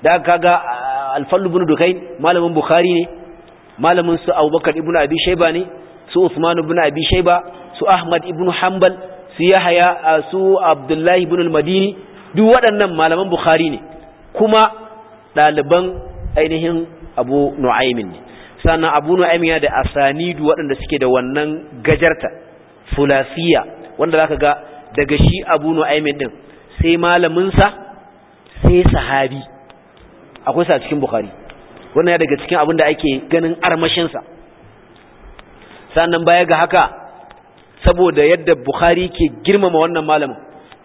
da kaga alfallu ibnu dukhain malaman bukhari ne malamin su abubakar ibnu abi shaiba ne su usman ibnu abi shaiba su ahmad ibnu hanbal su yahaya su abdullahi ibn al-madini duk waɗannan malaman bukhari ne kuma ɗaliban ainihin abu nu'aimin ne sannan abu nu'aimin yana da asanidu waɗanda suke da wannan gajarta fulasiya wanda za ka ga daga shi abu nu'aimin ɗin sai malaminsa sai sahabi akwai sa cikin bukhari wannan ya daga cikin abin da ake ganin armashinsa sannan baya ga haka saboda yadda bukhari ke girmama wannan malamin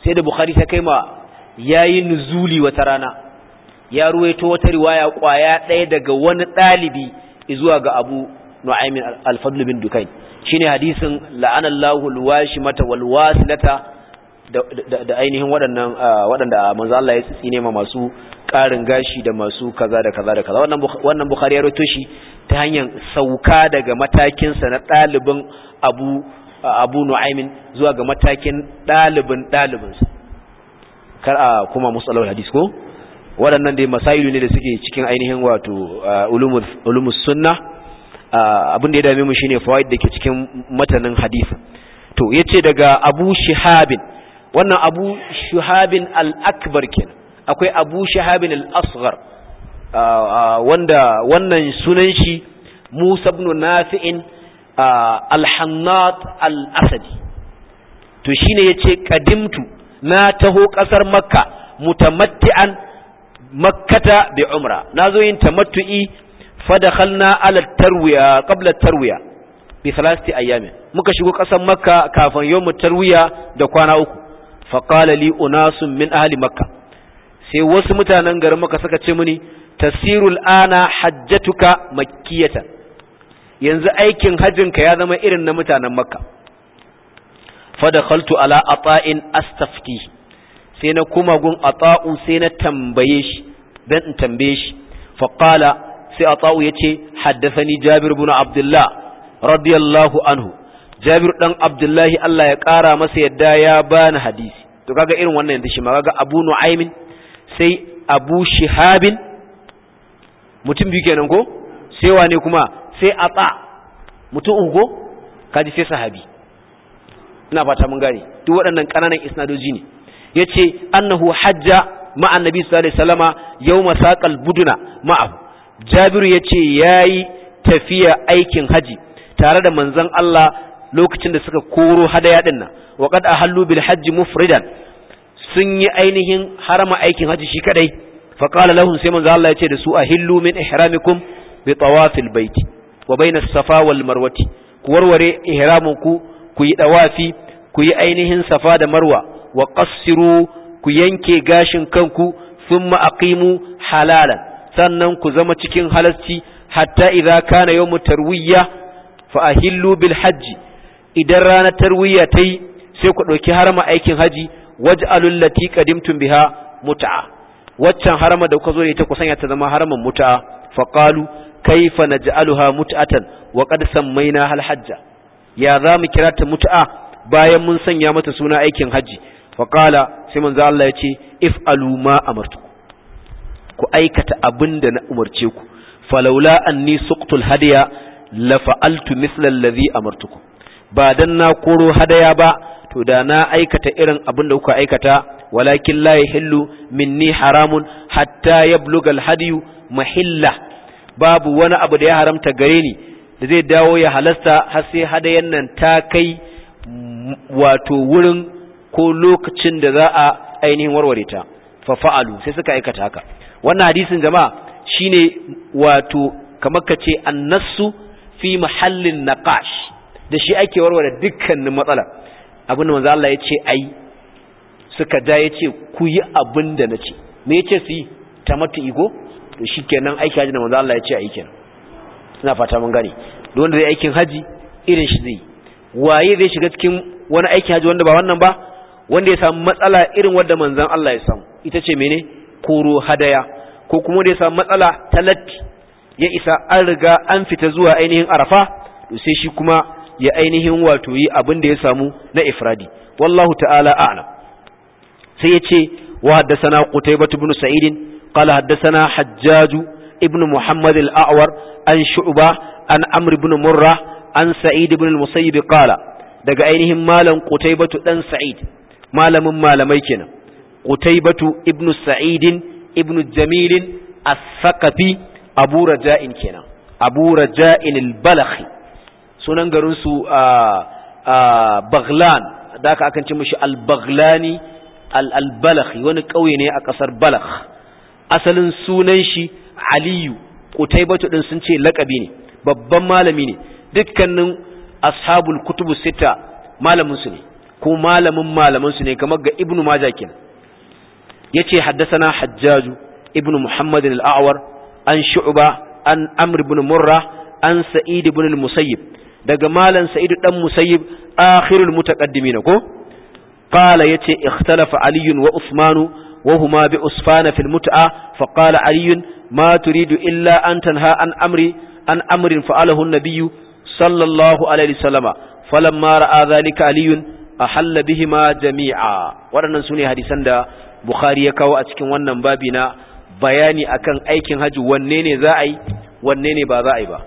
sai da bukhari ta kai ma yayi nuzuli wata rana ya ruwaito wata riwaya kwaya ɗaya daga wani ɗalibi zuwa ga Abu Nu'aym al-Fadl bin Dukayn shine hadisin la'anallahu al mata wal-wasilata da ainihin waɗannan waɗanda manzo Allah ya tsine ma masu ƙarin gashi da masu kaza da kaza da kaza wannan wannan Bukhari ya roto shi ta hanyar sauka daga matakin na ɗalibin Abu Abu zuwa ga matakin ɗalibin ɗalibinsa kar a kuma musalawar hadis ko waɗannan dai masailu ne da suke cikin ainihin wato uh, ulumus sunna uh, abin da ya dame mu shine fawaid da ke cikin matanin hadis to ya ce daga abu shihabin wannan abu shihabin al-akbar akwai abu shihabin al uh, wanda wannan sunan shi Musa bin Nafi'in al-Hannat al-Asadi to shine yace Kadimtu. na taho ƙasar makka mutamatti'an makkata bi umra na zo yin tamattu'i fadakhalna ala tarwiya qabla tarwiya bi thalathati ayyamin muka shigo ƙasar makka kafin yau tarwiya da kwana uku fa qala li unasun min ahli makka sai wasu mutanen garin makka suka ce mini tasirul ana hajjatuka makkiyatan yanzu aikin hajjinka ya zama irin na mutanen makka fadakhaltu ala ata'in astafti sai na kuma gun ata'u sai na tambaye shi dan in tambaye shi fa qala sai ata'u yace haddathani jabir ibn abdullah radiyallahu anhu jabir dan abdullahi Allah ya kara masa yadda ya bani hadisi to kaga irin wannan yanzu shi ma kaga abu nu'aymin sai abu shihabin mutum biyu kenan ko sai wane kuma sai ata mutum uku ko kaji sai sahabi ina fata mun gane duk waɗannan ƙananan isnadoji ne yace annahu hajja ma annabi sallallahu alaihi wasallama yawma saqal buduna ma'ahu jabiru yace yayi tafiya aikin haji tare da manzon Allah lokacin da suka koro hadaya din nan wa qad ahallu bil hajji mufridan sun yi ainihin harama aikin haji shi kadai fa qala lahum sai manzon Allah yace da su ahillu min ihramikum bi tawafil baiti wa bayna as-safa wal marwati ku warware ihramuku ku yi dawafi ku yi ainihin safa da marwa wa qassiru ku yanke gashin kanku sun ma'aƙimu halalan sannan ku zama cikin halarci hatta idza kana yawmu tarwiyya fa ahillu bil hajji idan ranar tarwiya tayi sai ku ɗauki harama aikin haji waj'alul lati qadimtum biha mut'a waccan harama da kuka zo ita ku sanya ta zama haraman mut'a faqalu kaifa naj'aluha mut'atan wa qad sammayna hal hajja ya za mu kira ta mutu'a bayan mun sanya mata suna aikin hajji faƙala sai manzo Allah ya ce if'alu ma amartu ku aikata abin da na umarce ku falaula anni suqtul hadiya la fa'altu mithla alladhi amartukum ba dan na koro hadaya ba to da na aikata irin abin da kuka aikata walakin la yahillu minni haramun hatta yabluga alhadiyu mahilla babu wani abu da ya haramta gare ni da zai dawo ya halasta har sai hadayen nan ta kai wato wurin ko lokacin da za a ainihin warware ta fa fa'alu sai suka aikata haka wannan hadisin jama'a shine wato kamar kace annasu fi mahallin naqash da shi ake warware dukkanin matsala abin da manzo Allah ya ce ai suka da ya ce ku yi abin da na me ya su yi ta mata igo to shikenan kenan aiki hajji da manzo Allah ya ce a kenan ina fata mun gane duk wanda zai aikin haji irin shi zai waye zai shiga cikin wani aikin haji wanda ba wannan ba wanda ya samu matsala irin wanda manzon Allah ya samu ita ce mene koro hadaya ko kuma wanda ya samu matsala talatti ya isa an riga an fita zuwa ainihin arafa to sai shi kuma ya ainihin wato yi abin da ya samu na ifradi wallahu ta'ala a'lam sai ya ce wa haddathana qutaybah ibn sa'id qala haddathana hajjaj ibn Muhammad al-A'war an Shu'uba an Amr ibn Murra an Sa'id ibn al qala daga ainihin malam Qutaybatu dan Sa'id malamin malamai kenan Qutaybatu ibnu Sa'id ibnu Jamil Asakafi saqafi Abu kenan Abu Raja'in al-Balakhi sunan garin su a Baghlan da aka akan ce mishi al-Baghlani wani ƙauye ne a ƙasar Balakh asalin sunan shi aliyu qutaybatu din sun ce laƙabi ne babban malami ne dukkanin ashabul kutubu sita malamin su ne ko malamin malaman su ne kamar ga ibnu majah kenan yace haddathana hajjaju ibnu muhammad al-a'war an shu'ba an amr ibn murra an sa'id ibn al-musayyib daga malan sa'id dan musayyib akhirul mutaqaddimin ko qala yace ikhtalafa aliyun wa usmanu وهما بأسفان في المتعة فقال علي ma turidu illa an tanha an amri an amrin fa'alahu an-nabiyyu sallallahu alaihi wasallama falamma ra'a dhalika aliyun ahalla bihima jami'a waɗannan sune hadisan da bukhari ya kawo a cikin wannan babi na bayani akan aikin haji wanne ne za a yi wanne ne ba za a yi ba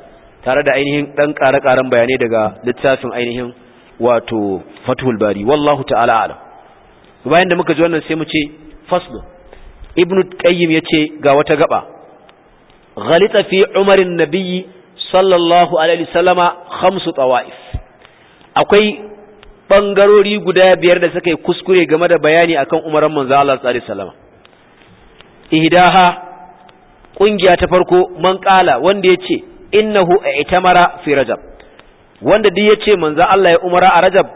tare da ainihin dan ƙare-ƙaren bayanai daga littafin ainihin wato fathul bari wallahu ta'ala alam bayan da muka ji wannan sai mu ce faslu ibnu qayyim yace ga wata gaba ghalita fi umarin nabiyyi sallallahu alaihi wasallama khamsu tawaif akwai bangarori guda biyar da suka yi kuskure game da bayani akan umaran manzo Allah sallallahu alaihi ihdaha kungiya ta farko man kala wanda yace innahu i'tamara fi rajab wanda duk yace manzo Allah ya umara a rajab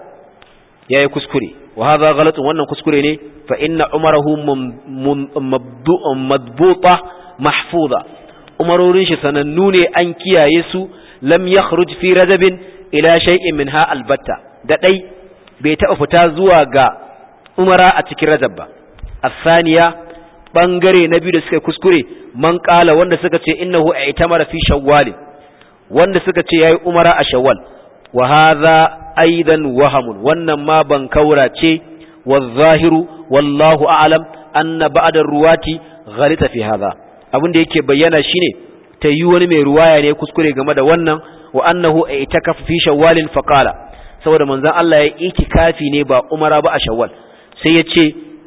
yayi kuskure wa hadha ghalatun wannan kuskure ne fa inna umarahu mabdu'un madbuta mahfuza umarorin shi sanannu ne an kiyaye su lam yakhruj fi radabin ila shay'in minha albatta da dai bai taɓa fita zuwa ga umara a cikin radab ba asaniya bangare na biyu da suka kuskure man kala wanda suka ce innahu aitamara fi shawwal wanda suka ce yayi umara a shawwal wa hadha aidan wahamun wannan ma ban kaura ce wa zahiru wallahu a'lam anna ba'da ruwati ghalita fi hadha abin da yake bayyana shine ta yi wani mai ruwaya ne kuskure game da wannan wa annahu a ita kafa fi shawwalin faƙala saboda manzan Allah ya iki kafi ne ba umara ba a shawwal sai ya ce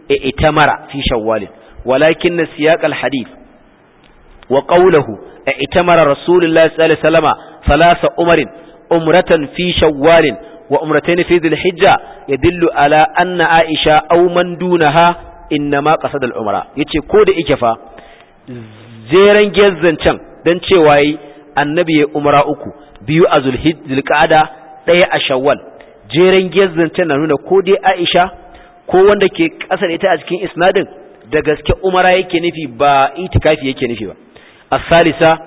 a ita mara fi shawwalin walakin na siyaƙal hadif wa ƙaulahu a ita mara rasulullah sallallahu salama salasa umarin umratan fi shawwalin wa umratain fi dhulhijja yadullu ala anna aisha aw man dunaha innama qasada al-umra yace ko da ike fa jeren gezzan can don cewa yi annabi ya umara uku biyu a zulqa'ada ɗaya a shawwal jeren gezzan can na nuna ko dai aisha ko wanda ke ƙasar ita a cikin isnadin da gaske umara yake nufi ba itikafi yake nufi ba a salisa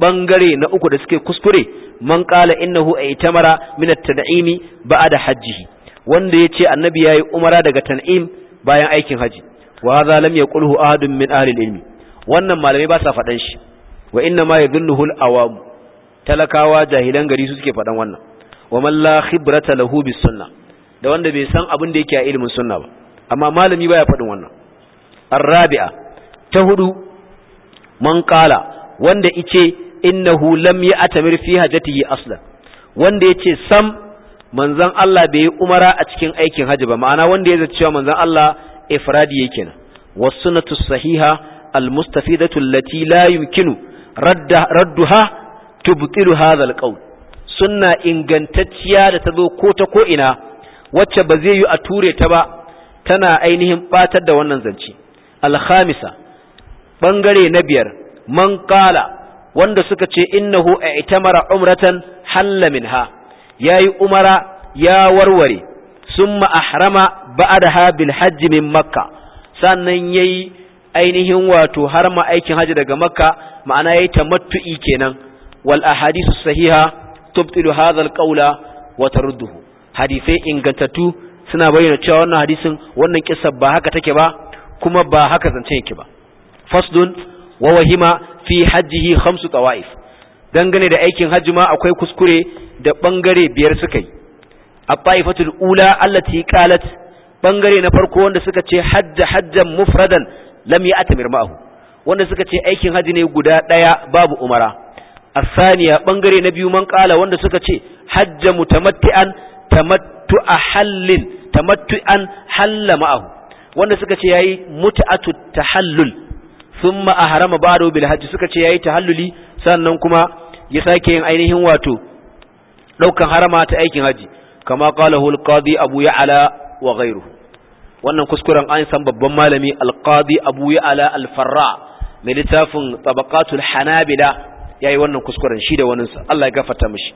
ɓangare na uku da suke kuskure man qala innahu aitamara min at-tan'imi da hajjihi wanda ya yace annabi yayi umara daga tan'im bayan aikin haji wa hadha lam yaqulhu ahadun min ahli al-ilmi wannan malamai ba sa faɗan shi wa inna ma yadhunnuhu al-awam talakawa jahilan gari su suke faɗan wannan wa man la khibrata lahu bis sunna da wanda bai san abin da yake a ilimin sunna ba amma malami baya faɗin wannan ar-rabi'a ta hudu man qala wanda ice innahu lam ya'tamir fi hajatihi aslan wanda yace sam manzon Allah bai yi umara a cikin aikin haji ba ma'ana wanda ya cewa manzon Allah ifradi yake na wa sunnatu sahiha almustafidatu allati la yumkinu radduha tubtilu hadha alqawl sunna ingantacciya da ta zo ko ta ko ina wacce ba zai yi a ture ta ba tana ainihin ɓatar da wannan zance Alkhamisa ɓangare na biyar man qala wanda suka ce innahu i'tamara umratan halla minha yayi umara ya warware summa ahrama ba'daha bil hajj min makka sannan yayi ainihin wato har ma aikin haji daga makka ma'ana yayi matu'i kenan wal hadisu sahiha tubtilu hadha al qawla wa hadisai ingantattu suna bayyana cewa wannan hadisin wannan kisa ba haka take ba kuma ba haka zance yake ba fasdun wa wahima fi hajjihi khamsu tawaif dangane da aikin hajji ma akwai kuskure da bangare biyar suka yi a taifatul ula allati qalat bangare na farko wanda suka ce hajja hajjan mufradan lam ya'tamir ma'ahu wanda suka ce aikin haji ne guda ɗaya babu umara asaniya bangare na biyu man kala wanda suka ce hajja mutamatti'an tamattu'a hallin tamattu'an halla ma'ahu wanda suka ce yayi mut'atu tahallul thumma ahrama ba'du bil hajj suka ce yayi tahalluli sannan kuma ya sake yin ainihin wato daukan harama ta aikin haji kama qala hul qadi abu ya'la wa ghayruhu wannan kuskuren an san babban malami alqadi abu ya'la alfarra mai littafin tabaqatul hanabila yayi wannan kuskuren shi da waninsa Allah ya gafarta mishi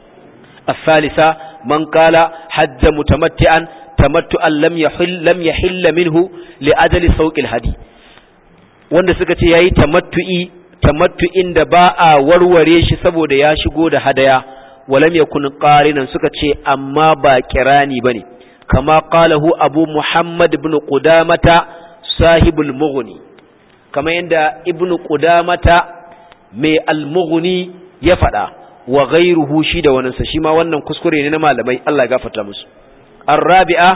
الثالثة man قال حج متمتعا تمتعا لم يحل لم يحل منه لأجل سوق hadi. wanda suka ce yayi tamattu'i tamattu'in da ba a warware shi saboda ya shigo da hadaya walam yakun qarinan suka ce amma ba kirani bane كما قاله أبو محمد بن قدامة صاحب المغني كما عند ابن قدامة مي المغني يفعل وغيره شيد وننسشيما ونن كسكرين نما لمي الله يغفر تامس الرابعة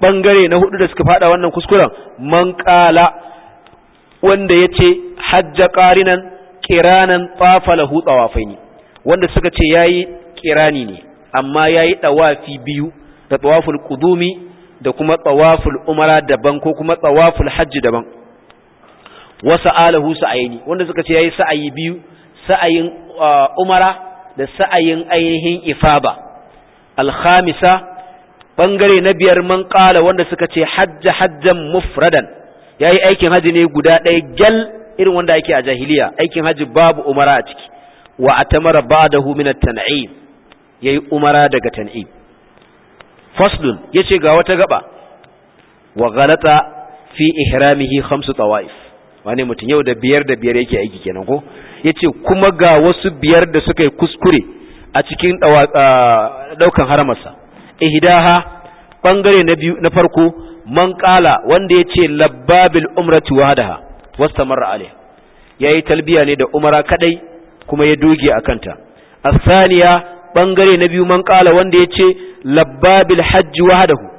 bangare na hudu da suka fada wannan kuskuren man kala wanda yace hajja qarinan kiranan hutsawa fai ne wanda suka ce yayi kirani ne amma yayi dawafi biyu da tawaful qudumi da kuma tawaful umara daban ko kuma tawaful hajji daban wasu sa'alahu sa'ayni wanda suka ce yayi sa'ayi biyu sa'ayin uh, umara da sa'ayin ainihin ifaba al bangare na biyar man qala wanda suka ce hajja hajjan mufradan yayi aikin haji ne guda ɗaya gyal irin wanda ake a jahiliya aikin haji babu umara a ciki wa atamara ba'dahu min at ya yayi umara daga tan'i faslun yace ga wata gaba wa galata fi ihramihi khamsu tawaif wani mutum yau da biyar da biyar yake aiki kenan ko yace kuma ga wasu biyar da suka yi kuskure a cikin daukan haramarsa ihdaha bangare na biyu na farko man kala wanda yace labbabil umratu wahdaha wastamarra ya yayi talbiya ne da umara kadai kuma ya doge akanta asaniya bangare na biyu man kala wanda ya ce labbabil hajji wahadahu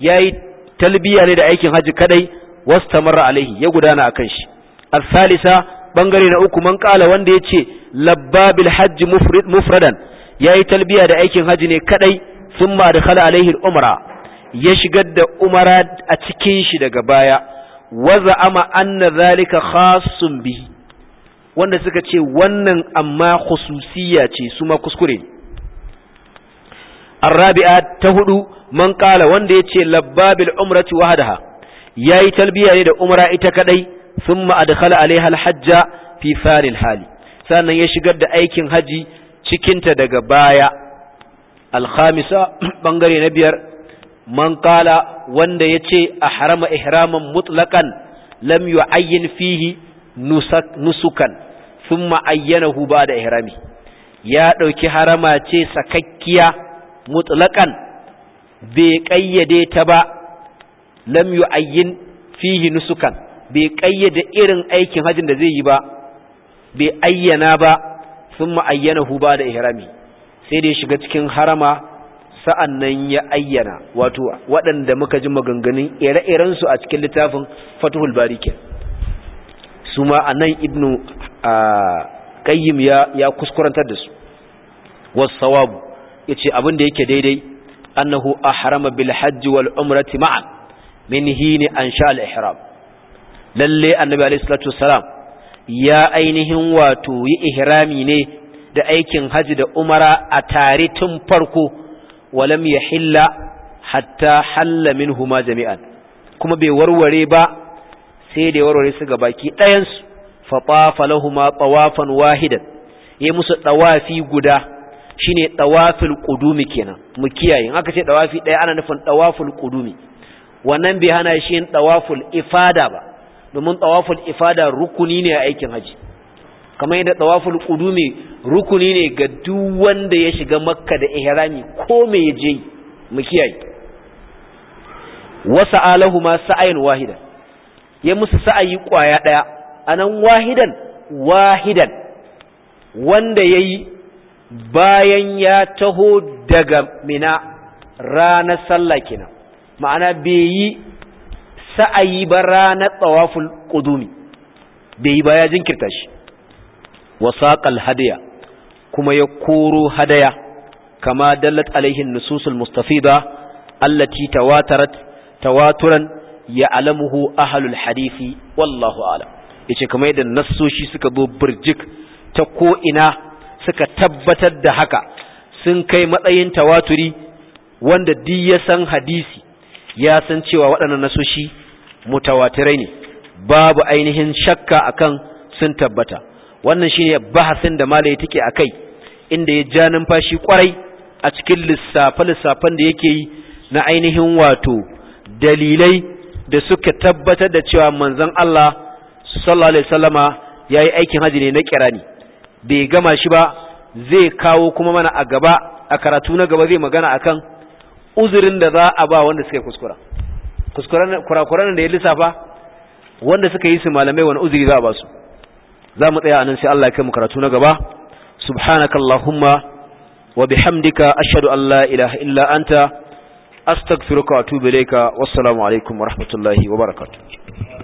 ya yi talbiya ne da aikin hajji kadai wastamarra alaihi ya gudana a kan shi a salisa bangare na uku man kala wanda ya ce labbabil hajji mufradan ya yi talbiya da aikin hajji ne kadai sun ma da khala alaihi umara ya shigar da umara a cikin shi daga baya waza ama anna zalika khasun bihi wanda suka ce wannan amma khususiyya ce su ma kuskure الرابعه تهدو من قال وند يچه لباب العمره وحدها ياي تلبيه ne da umra ita kadai thumma adkhala alaiha alhajj fi fari sannan ya shigar da aikin haji cikinta daga baya alkhamisa bangare na biyar man qala wanda yace ahrama ihraman mutlaqan lam yu'ayyin fihi nusukan sun thumma ayyanahu da ihrami ya ɗauki harama ce sakakkiya mutlaqan bai ƙayyade ta ba lam yu'ayyin fihi nusukan bai ƙayyade irin aikin hajjin da zai yi ba bai ayyana ba sun ma'ayyana ba da ihrami sai dai shiga cikin harama sa'an nan ya ayyana wato waɗanda muka ji maganganun ire su a cikin littafin fatuhul barike su ma a ibnu ƙayyim ya kuskurantar da su wasu sawabu yace abin da yake daidai annahu ahrama bil hajj wal umrati ma'an min hini an sha al ihram lalle annabi alayhi salatu wassalam ya ainihin wato yi ihrami ne da aikin haji da umara a tare tun farko walam yahilla hatta halla minhuma jami'an kuma bai warware ba sai da warware su ga baki ɗayansu fa tawafa lahuma tawafan wahidan yayi musu tawafi guda shine tawaful qudumi kenan mu kiyaye in aka ce tawafi ɗaya ana nufin tawaful qudumi wannan bai hana shi yin tawaful ifada ba domin tawaful ifada rukuni ne a aikin haji kamar yadda tawaful qudumi rukuni ne ga duk wanda ya shiga makka da ihrami ko me je mu kiyaye wasa alahuma sa'ayin wahida ya musu sa'ayi kwaya daya anan wahidan wahidan wanda yayi bayan ya taho daga mina ranar sallah kenan ma'ana bai yi sa'ayi ba ranar tsawaful ƙudumi bai yi ba ya jinkirta shi wasaƙal hadaya kuma ya koro hadaya kama dallat alaihin nususul mustafida allati tawatarat tawaturan ya alamuhu ahalul hadisi wallahu ala yace kamar yadda nassoshi suka zo burjik ta ko ina suka tabbatar da haka sun kai matsayin tawaturi wanda duk ya san hadisi ya san cewa waɗannan nasoshi mutawatirai ne babu ainihin shakka akan sun tabbata wannan shine bahasin da malai take kai inda ya ja numfashi kwarai a cikin lissafe-lissafen da yake yi na ainihin wato dalilai da suka tabbatar da cewa manzon Allah sallallahu alaihi wasallama yayi aikin haji ne na kirani bai gama shi ba zai kawo kuma mana a gaba a karatu na gaba zai magana akan uzurin da za a ba wanda suka yi kuskura kurakuran da ya lissafa wanda suka yi su malamai wani uzuri za a ba su za mu tsaya anan sai Allah ya kai mu karatu na gaba subhanakallahumma wa bihamdika ashhadu an la ilaha illa anta astaghfiruka wa atubu ilayka wassalamu alaikum wa rahmatullahi wa barakatuh